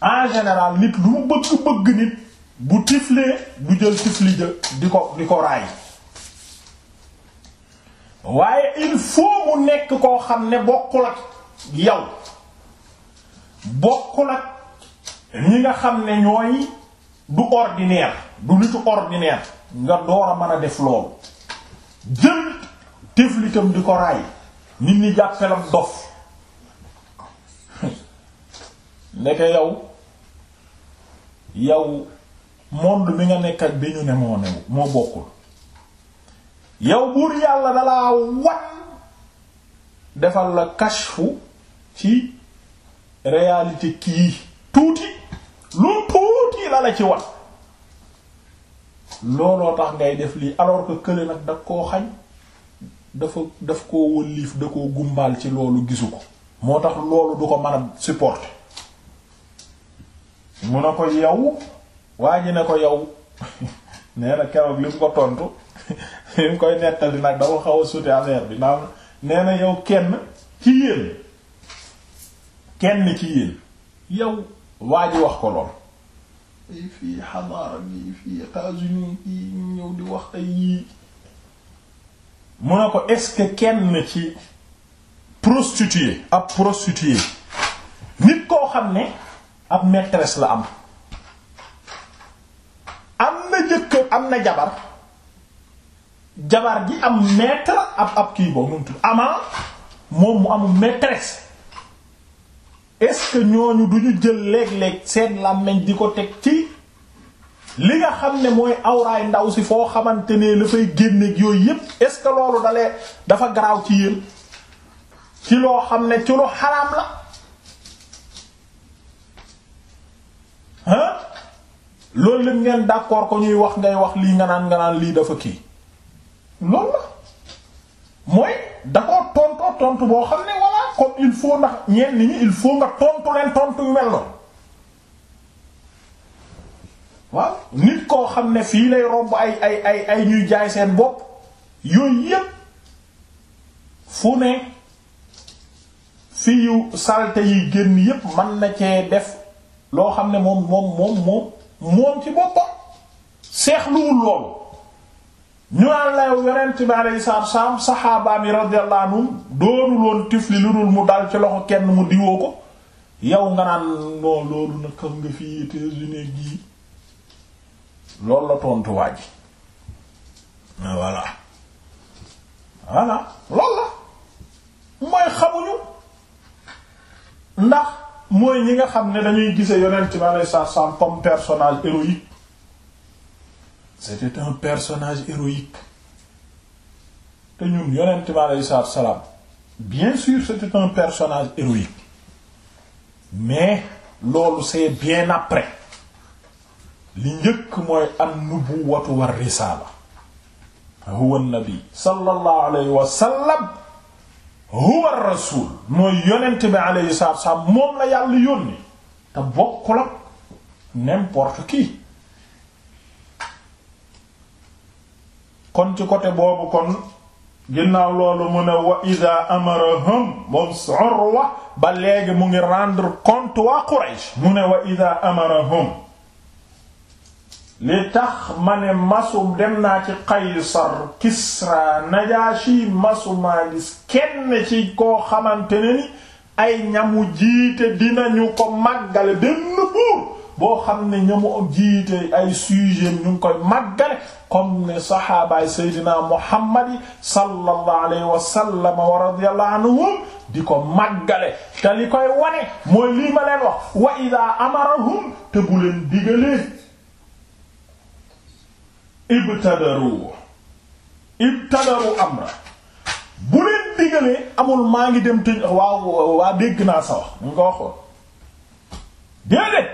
en général nit lu mu bëgg bëgg nit bu tiflee du jël tifli ja di ko di ko raay waaye il faut mu nekk koo xam ne bokkul ak yow bokk ak ñi nga xam ne ñooy du ordinaire du nitu ordinaire nga door a mën a def loolu jël tiflitam di ko raay nit ñi jàppelam dof [laughs] nekk yow yow monde bi nga nekk ak bi ñu ne moo new moo bokkul yow buur yàlla dalaa wat defal la kashfu ci réalité kii tuuti lu tuuti la ci wat looloo tax ngay def lii alors que kële nag da koo xañ dafa daf koo wëlliif da koo gumbaal ci loolu gisu ko moo tax loolu du ko mën a supporter mun a ko yow waa ji ne ko yow [laughs] nee na keroog li mu ko tontu [laughs] li mu koy nettali nag dafa xaw a sute affaire bi naam nee na yow kenn ci yéen kenn ci yéen yow waa ji wax ko lool fii xadaara wax ay yii mu ne ko est kenn ci prostituée ab prostituée nit koo xam ne ab maîtresse la am na am na jabar jabar ji am maître ab ab kii boobu num jël léeg seen làmmiñ di ko teg ci li nga xam ne mooy awraay ndaw si foo xamante ne la fay génneeg yooyu yépp est loolu dafa garaaw ci yéen ci loo xam ne ci lu xaraam la hein loolu lépp ngeen d'accord ko ñuy wax ngay wax lii nga naan nga naan lii dafa kii loolu la mooy d'accord tontu tontu boo xam ne voilà comme il faut ndax ñenn ñi il faut nga tontu leen tontu yu mel noonu waaw nit koo xam ne fii lay romb ay ay ay ñuy jaay seen bopp yooyu yépp fu ne fii yu salte yi génn yépp mën na cee def loo xam ne moom moom moom moom moom ci boppam seexluwul loolu ñu naan la yonent bi alayhi salaatu wassalaam saxaaba mi radiyallahu tifli lu dul mu dal ci loxo kenn mu diwoo ko yow nga naan loolu nag xam nga fii États-Unis gii loolu la tontuwaaj voilà voilà loolu la mooy xamuñu ndax. mooy ñi nga xam ne dañuy gise yonent bi alayhi salaatu salaam comme personnage héroïque c'était un personnage héroïque te ñun yonent bi alayhi salaatu salaam bien sûr c'était un personnage héroïque mais loolu c'est bien après li njëkk mooy an-nubuwwatu war risaala huwa an-nabi sallallahu alayhi wa sallam huwa rasul mooy yonent bi alayhi salaatu wasallam moom la yàlla yónni te bokkul ak n'importe qui kon ci côté boobu kon ginnaaw loolu mu ne wa ida amarahum moom Urwa ba léegi mu ngi rendre compte waa Quraysh mu ne wa ida amarahum li tax ma ne masu dem naa ci Qaysar Kisra Najaashi masu maa gis kenn ci koo xamante ne ni ay ñamu jiite dinañu ko màggale benn buur boo xam ne ñamu jiite ay sujet ñu ngi koy màggale comme ne saxaabaay Seydina Muhammad sallallahu alayhi wa sallam wa radiyallahu di ko màggale te koy wane mooy lii ma wa idaa amarahum te bu leen ibtadaru ibtadaru amra bu leen digalee amul maa ngi dem tëj waaw waa dégg naa sa wax ñu ngi ko waxoon déedéet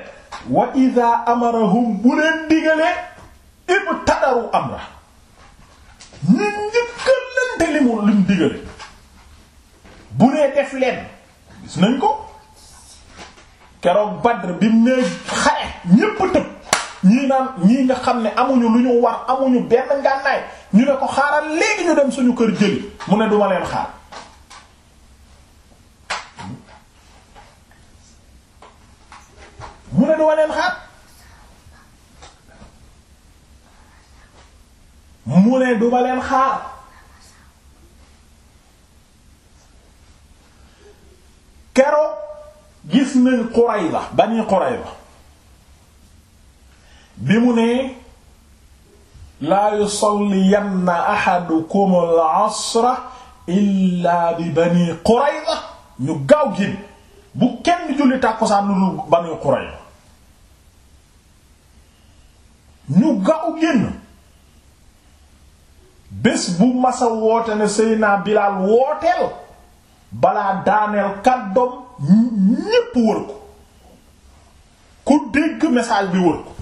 wa ida amarahum bu mu lim digale bu nee def nañ ko keroog Badr bi mu nee xare ñépp tëb ñii naan ñii nga xam ne amuñu lu ñu war amuñu benn ngànnaay ñu ne ko xaaral léegi ñu dem suñu kër jëli mu ne duma leen xaar mu ne duma leen xaar mu ne duma leen xaar kero gis nañ Qurayza bi mu nee laa yusalliyanna ahadukum al-asra illa bi bani Qurayza ñu gaaw gin bu kenn julli tàkkusaan lu dul bani Qurayza ñu gaaw génn bés bu masa woote ne Seydina Bilaal wooteel balaa daaneel kàddoom ñépp wër ko ku dégg message bi wër ko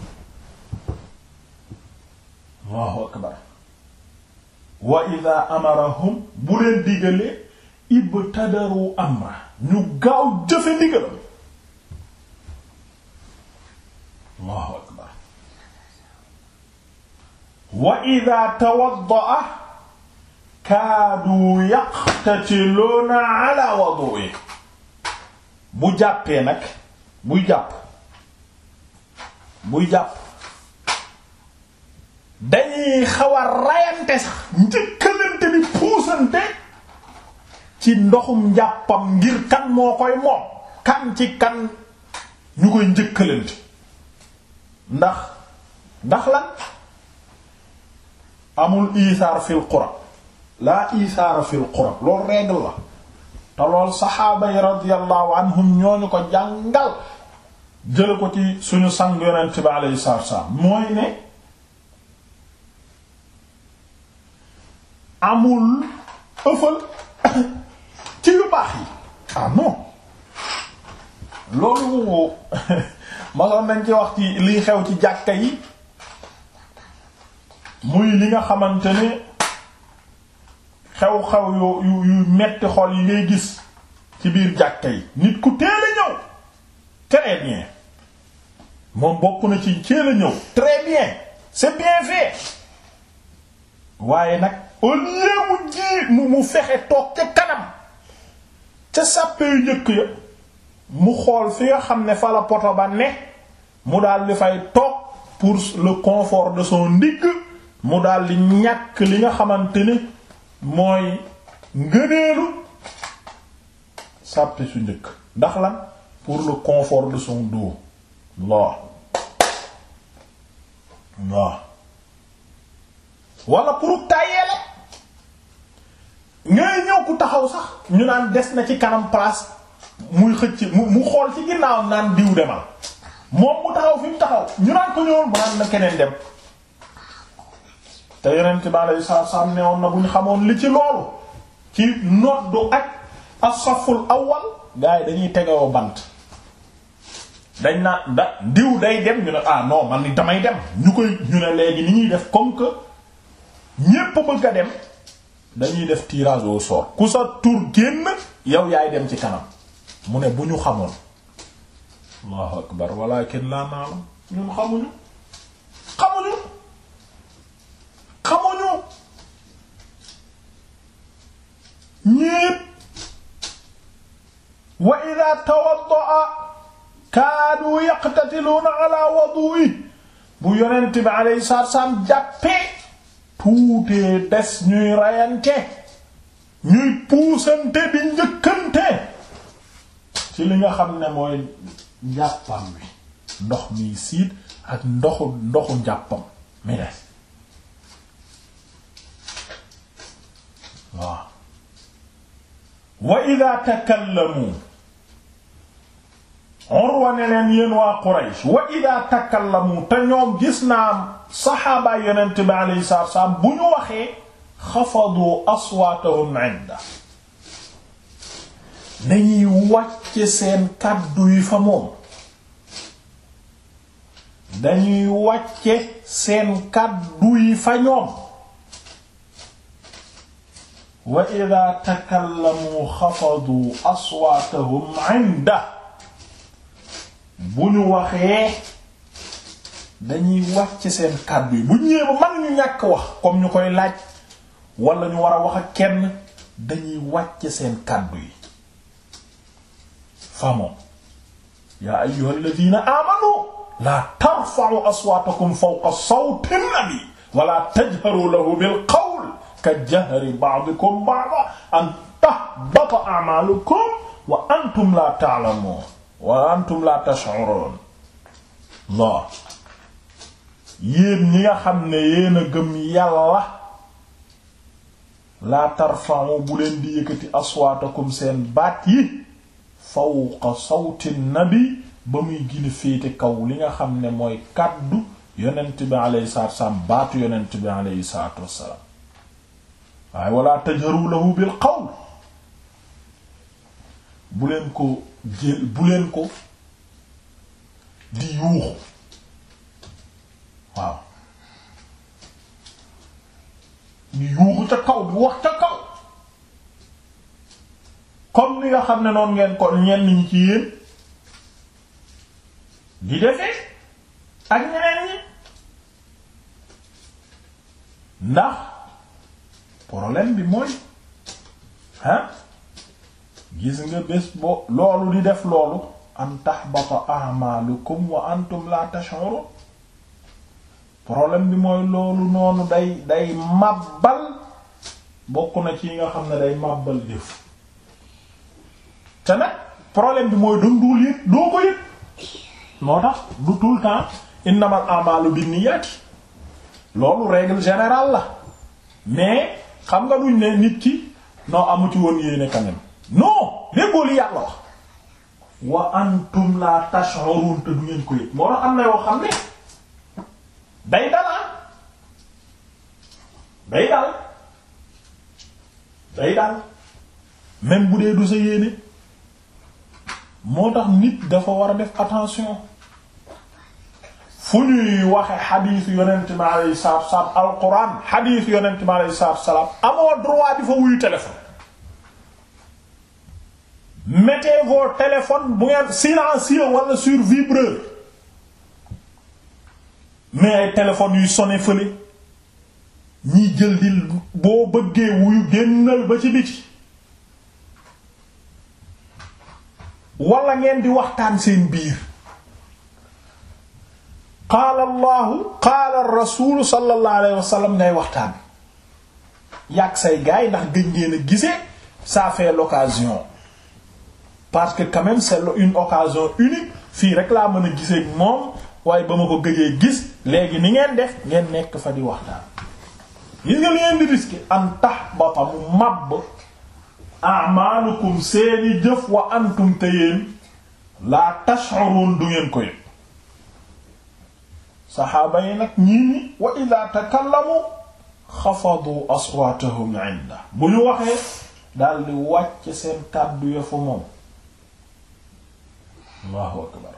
Allahu akbar wa ida amarahum bu leen digalee ibtadaru amra ñu gaaw jëfe ndigalam Allahu akbar wa ida tawaddaa kaadu yaqtatiluuna ala wudu'i bu jàppee nag buy jàpp buy jàpp dañuy xaw a sax njëkkalante bi puusante ci ndoxum njàppam ngir kan moo koy moom kan ci kan ñu koy njëkkalante ndax ndax lan amul isaar fil qura laa isaara fil qura loolu règle la te lool saxaaba yi radiyallahu anhum ñooñu ko jàngal jële ko ci suñu sang yonent bi alayhi salaatu wa mooy ne amul ëffal ci yu baax yi ah non loolu moo [laughs] masoon nañ ci wax ci liy xew ci jàkka yi muy li nga xamante ne xew-xew yu yu yu metti xol yi ngay gis ci biir jàkka yi nit ku teel a ñëw bien moom bokk na ci teel a ñëw très bien c'est bien fait waaye nag au lieu mu mu mu fexe toog ca kanam ca sàppe yu njëkk ya mu xool fi nga xam ne fa la poto ba ne mu daal di fay toog pour le confort de son ndigg mu daal di ñàkk li nga xamante ni mooy ngëneelu sàppe su njëkk ndax lan pour le confort de son dos waaw waaw wala pour tayele ngay ñëw ku taxaw sax ñu naan des na ci kanam place muy xëcc mu xool ci ginnaawam naan diw demal moom mu taxaw fi mu taxaw ñu naan ko ñëwoon ba naan na keneen dem te yonent bi alayhi salaatu salaam ne woon na bu ñu xamoon li ci loolu ci noddu ak a saful awwal gars yi dañuy tegewoo bant dañ naan da diw day dem ñu ne ah non man ni damay dem ñu koy ñu ne léegi ni ñuy def comme que ñépp bëgg a dem dañuy def tirage au sort ku sa tur génn yaay dem ci kanam mu ne bu ñu xamoon allahu akbar walakin laa naalam ñun xamuñu xamuñu xamuñu wa ida tawaddaa kaadu yaqtatiluuna ala wadu'i bu yonent bi alayhi salaatu wa salaam jàppee tuutee des ñuy rayante ñuy puusante di njëkkante ci li nga xam ne mooy njàppam wi ndox mi siit ak ndoxu ndoxu njàppam mi des waaw wa idha takallamu Urwa ne leen yéen waa Quraysh wa idaa takallamu te ñoom gis naa saxaaba yonent bi alayhi salaatu wassalaam bu ñu waxee xafadu aswaatahum inda dañuy wàcce seen kàddu yi fa moom dañuy wàcce seen kàddu yi fa ñoom wa idaa takallamu xafadu aswaatahum inda bu ñu waxee dañuy wax ci seen kàddu yi bu ñëwee ba man ñu ñàkk wax comme ñu koy laaj wala ñu war a wax ak kenn dañuy wàcc seen kàddu yi fa moom yaa ayyuha alladina amanu laa tarfa'u aswaatakum fawqa sawti nabi wala tajharu lahu bil qawl ka jahri ba'dikum ba'da an tahbata a'malukum wa antum la ta'lamun wa antum la tash'urun la yéen ñi nga xam ne yéen a gëm yàlla la tarfa'u bu leen di yëkkati aswaatakum seen baat yi fawqa sawti nabi ba muy gina féete kaw li nga xam ne mooy kàddu yonent bi alayhi salaatu wassalaam baatu yonent bi alayhi salaatu wassalaam waaye wala tajharu lahu bil qawl bu leen ko jël bu leen ko di yuuxu waaw di yuuxu ca kaw di wax ca kaw comme ni nga xam ne noonu ngeen kon ñenn ñi ci yéen di defee ak ñeneen ñi ndax problème bi mooy ah gis nga bés bo loolu di def loolu an tahbata a'malukum wa antum la tash'urun problème bi mooy loolu noonu day day màbbal bokk na ci nga xam ne day màbbal jëf te problème bi mooy dunduwul yëg doo ko yëg moo tax du tout le temps innamal a'malu binniyati loolu règle générale la mais xam nga duñ ne nit ki noo amu ci woon yéene quand non déggoo li yàlla wax wa antum la tash'urun te du ngeen ko yëg moo tax am na yoo xam ne day dala ah. day dal day bu dee du sa yéene moo tax nit dafa war a def attention fu ñuy waxe xadiis yonent mi alayhi salaatu salaam alquran xadiis yonent mi alayhi salaam amoo droit fa wuyu téléphone mettez vos téléphones bu ngeen silencieux wala sur vibreur mais ay téléphones yuy sonné fële ñiy jël di boo bëggee wuyu génnal ba ci biti wala ngeen di waxtaan seen biir qaala allahu qaala rasulu sallallahu alayhi wa ngay waxtaan yàgg say gaay ndax gëj ngeen a gisee ça fait l'occasion parce que quand même c'est une occasion unique fii rek laa mën a gisee moom waaye ba ma ko gëjee gis léegi ni ngeen def ngeen nekk fa di waxtaan gis nga li ngeen di risqué am tax bata mu mabb seeni jëf wa antum te yéen laa tash'urun du ngeen ko yëg saxaaba yi nag ñii ni wa ida takallamu xafadu aswaatahum inda bu ñu waxee daal di wàcc seen kàddu ya moom allahu akbar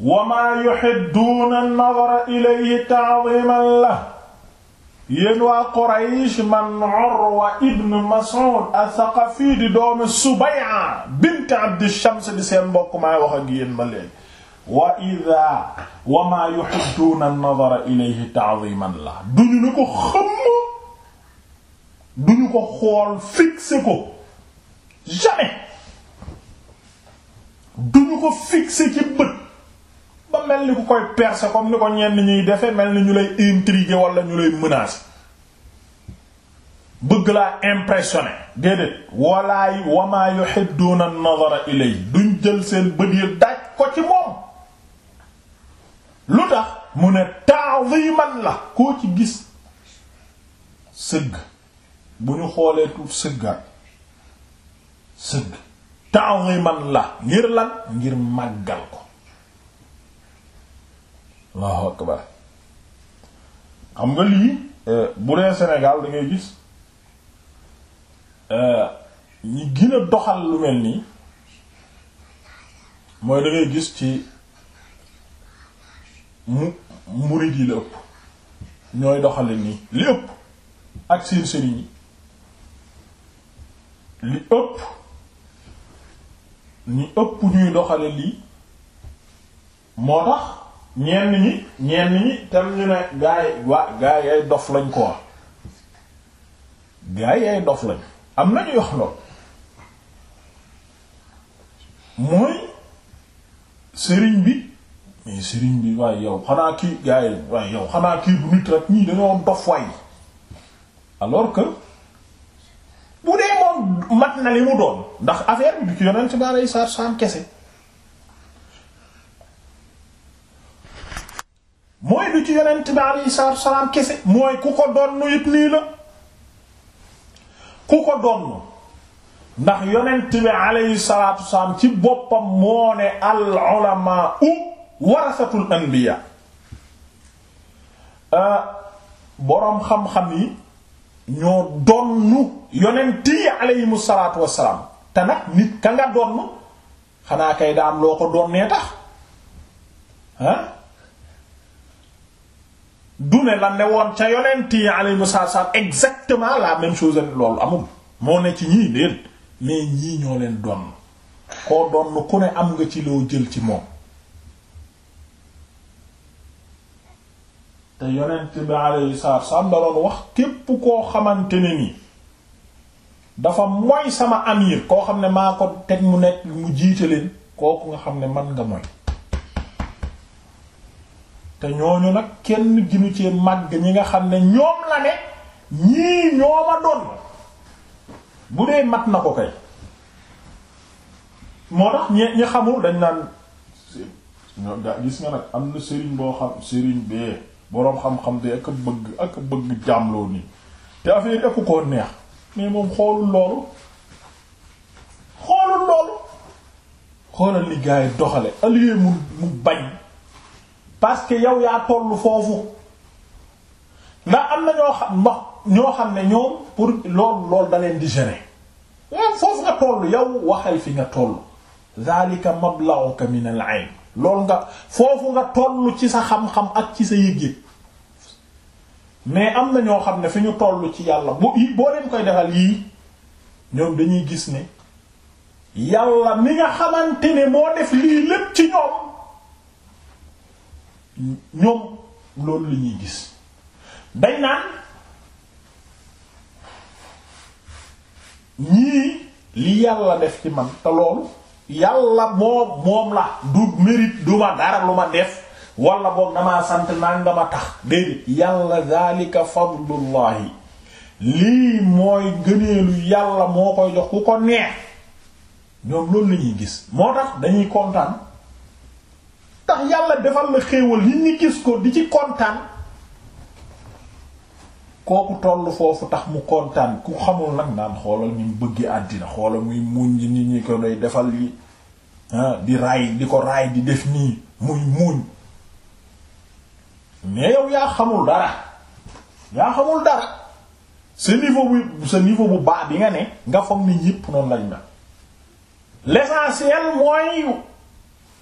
wa maa yuhidduuna an-nazara ilayhi ta'ziiman lahu yéen waa Quraysh man Urwa ibn Mas'ud ath-Thaqafi di doomi Subay'a bint Abdi Shams di seen mbokk maay wax ak yéen ba léegi wa idaa wa maa yuhidduuna an-nazara ilayhi ta'ziiman lahu duñu ne ko xëmm duñu ko xool fixé ko jamais duñu ko fixé ci bët ba mel ni ku koy percer comme ni ko ñenn ñuy defe mel ni ñu lay intriguer walla ñu lay menacer bëgg laa impressionné déedéet walaay wamaa yuhidduna an-nazara ilay duñ jël seen bët yi daaj ko ci moom lu tax mu ne ta'ziman la koo ci gis sëgg bu ñu xoolee tuut sëggaat sëgg ta'ziman la ngir lan ngir màggal ko Allahu akbar xam nga lii euh, bu dee Sénégal da gis euh, ñi gën doxal lu mel nii mooy da gis ci mu murid yi la ëpp ñooy doxale nii li ëpp ak seen sëriñ yi li ëpp ñi ëpp ñuy doxale lii moo tax ñenn ñi ñenn ñi tam ñu ne gaay waa gaay ay dof lañ ko wax gaay ay dof lañ am nañu wax lool mooy sëriñ bi mais sëriñ bi waaye yow xanaa kii gaay waaye yow xanaa kii bu nit rek ñii dañoo dof way alors que bu dee moom mat na li mu doon ndax affaire bi bi alayhi yonent bi alayhi salaatu salaam kese mooy ku ko doon it nii la ku ko doon ndax yonent bi alayhi salaatu salaam ci boppam moo ne al ulamaa u warasatul anbiyaa ah, boroom xam-xam yi ñoo donnu yonent yi aleyhimu salaatu wassalaam te nag nit ka nga donnu xanaa kay daam loo ko donnee tax ah du ne la ne woon ca yonent yi aleyhimu salaatu wassalaam exactement la même chose ak loolu amul moo ne ci ñii déen mais ñii ñoo leen donn koo donn ku ne am nga ci loo jël ci moom te yonent bi alayhi salaatu salaam wax képp koo xamante ne ni dafa moy sama amir koo xam ne maa ko teg mu nekk mu jiite leen kooku nga xam ne man nga moy te ñooñu nag kenn ginu ci màgg ñi nga xam ne ñoom la ne ñii ñoo ma doon bu dee mat na ko kay moo tax ñi ñi xamul dañ naan gis nga nag am na sëriñ boo xam sëriñ bee boroom xam-xam de ak bëgg ak bëgg jaamloo nii te affaire yi koo neex mais moom xoolul loolu xoolul loolu xoolal li gaa yi doxale allié mu mu bañ parce que yow yaa tollu foofu ndax am na ñoo xam mbax ñoo xam ne ñoom pour loolu loolu da leen di gêner waaw foofu nga toll yow waxal fi nga toll zalika mablaghuka min al-ilm loolu nga foofu nga toll ci sa xam-xam ak ci sa yëg-yëg mais am na ñoo xam ne fi ñu toll ci yàlla bu boo leen koy defal yii ñoom dañuy gis ne yàlla mi nga xamante ne moo def lii lépp ci ñoom ñoom loolu la ñuy gis day naan ñii li yàlla def ci man te loolu yàlla moom moom la du mérite du dara lu ma def wala boog damaa sant naa nangama tax déedéet yàlla zalika fadlullahi lii mooy gëneelu yàlla moo koy jox ku ko neex ñoom loolu la gis moo tax dañuy kontaan tax yàlla defal na xéewal yi ñu gis ko di ci kontaan kooku toll foofu tax mu kontaan ku xamul nag naan xoolal ñu bëggee àddina xoolal muy muñ nit ñi ko doy defal yi ah, di raay di ko raay di def nii muy muñ mais yow yaa xamul dara yaa xamul dara sa niveau bu sa niveau bu baax bi nga ne nga foog ni ñépp noonu lañ mel l'essentiel mooy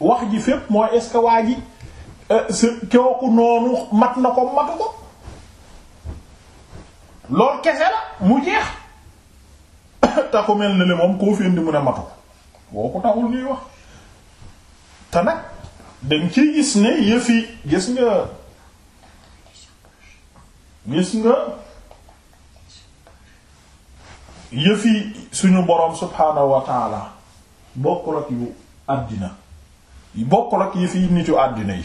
wax ji fépp mooy est ce que waa ji sa euh, noonu mat na ko matu ko loolu kese la mu jeex [coughs] ta ko mel ne le moom koo fi indi mu ne matu ko boo ko taxul ñuy wax te nag dañ ciy gis ne yëfi gis nga gis nga yëfi suñu boroom subhaanahu wa taala bokkul ak yu àddina bokkul ak yëfi nitu àddina yi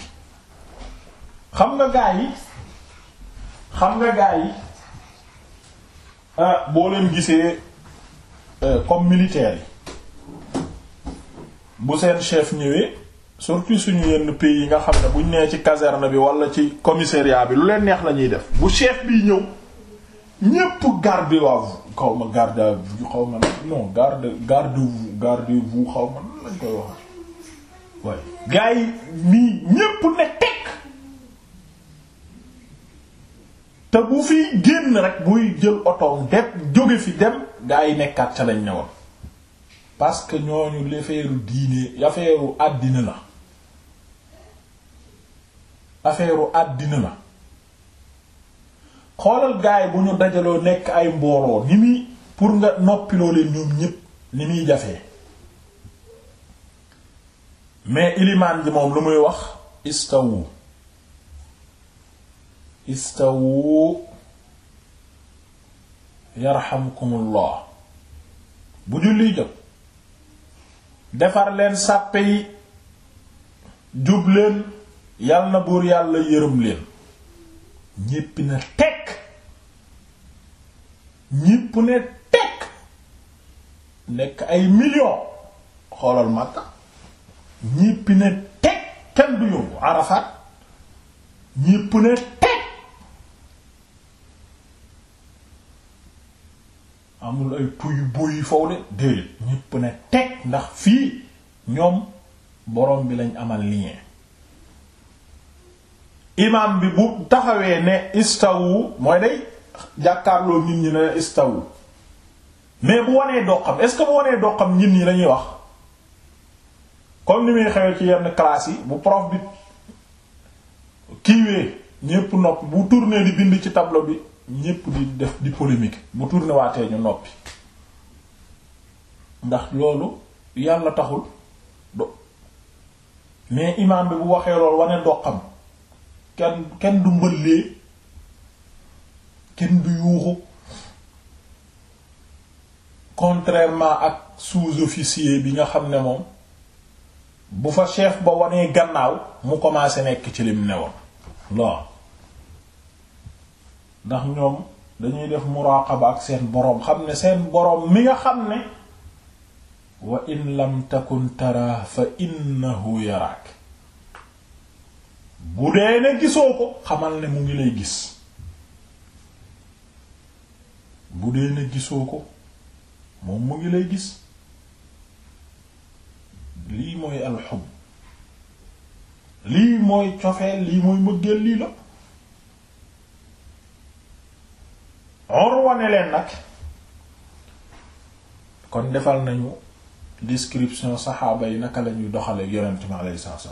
xam nga gaa yi xam nga gaa yi ah, boo leen gisee eh, comme militaire yi bu seen chef ñëwee surtout suñu yenn pays yi nga xam ne buñ nee ci caserne bi wala ci commissariat bi lu leen neex la ñuy def bu chef bi ñëw ñépp garde waaw xaw ma garde ma non garde garde gardez-vous xaw ma waaye gars yi nii ñépp ne teg te bu fi génn rek buy jël otoom dem jóge fi dem gars yi nekkaat ca lañ ñëwoon parce que ñooñu l'affaire diine affaire àddina la affaire àddina la xoolal gaay bu ñu dajaloo nekk ay mbooloo ni muy pour nga noppiloo leen ñoom ñépp ni muy jafee mais ilimaan ji moom lu muy wax istawu istawu yarhamkumullah bu julli jot defar leen sàppe yi jub leen yàlla buur yàlla yërëm leen ñépp na tekk ñépp ne tekk nekk ay million xoolal Makka ñépp ne tekk kenn du yóbbu Arafat ñépp ne tekk amul ay tuy buy faw de déedéet ñépp ne tekk ndax fii ñoom borom bi lañ amal lien imam bi bu taxawee ne istawu mooy day jàkkaarloo nit ñi ne istawu mais bu wanee doqam est-ce que bu wanee doqam nit ñi lañuy wax comme ni muy xewee ci yenn classe yi bu prof bi kiiwee ñépp noppi bu tourner di bind ci tablo bi ñépp di def di polémique bu tourner waatee ñu noppi ndax loolu yàlla taxul do mais imam bi bu waxee loolu wane doqam kenn kenn du mbëllee kenn du yuuxu contrairement ak sous-officier bi nga xam ne moom bu fa chef ba wanee gannaaw mu commencé nekk ci lim ne woon waaw ndax ñoom dañuy def muraqaba ak seen boroom xam ne seen boroom mi nga xam ne wa in lam takun tara fa innahu yarak bu dee ne gisoo ko xamal ne mu ngi lay gis bu dee ne gisoo ko moom mu ngi lay gis lii mooy alxub lii mooy cofeel lii mooy mëggeel lii la Urwa ne leen nag kon defal nañu description saxaaba yi naka lañuy doxale yonent mi alayhi salaatu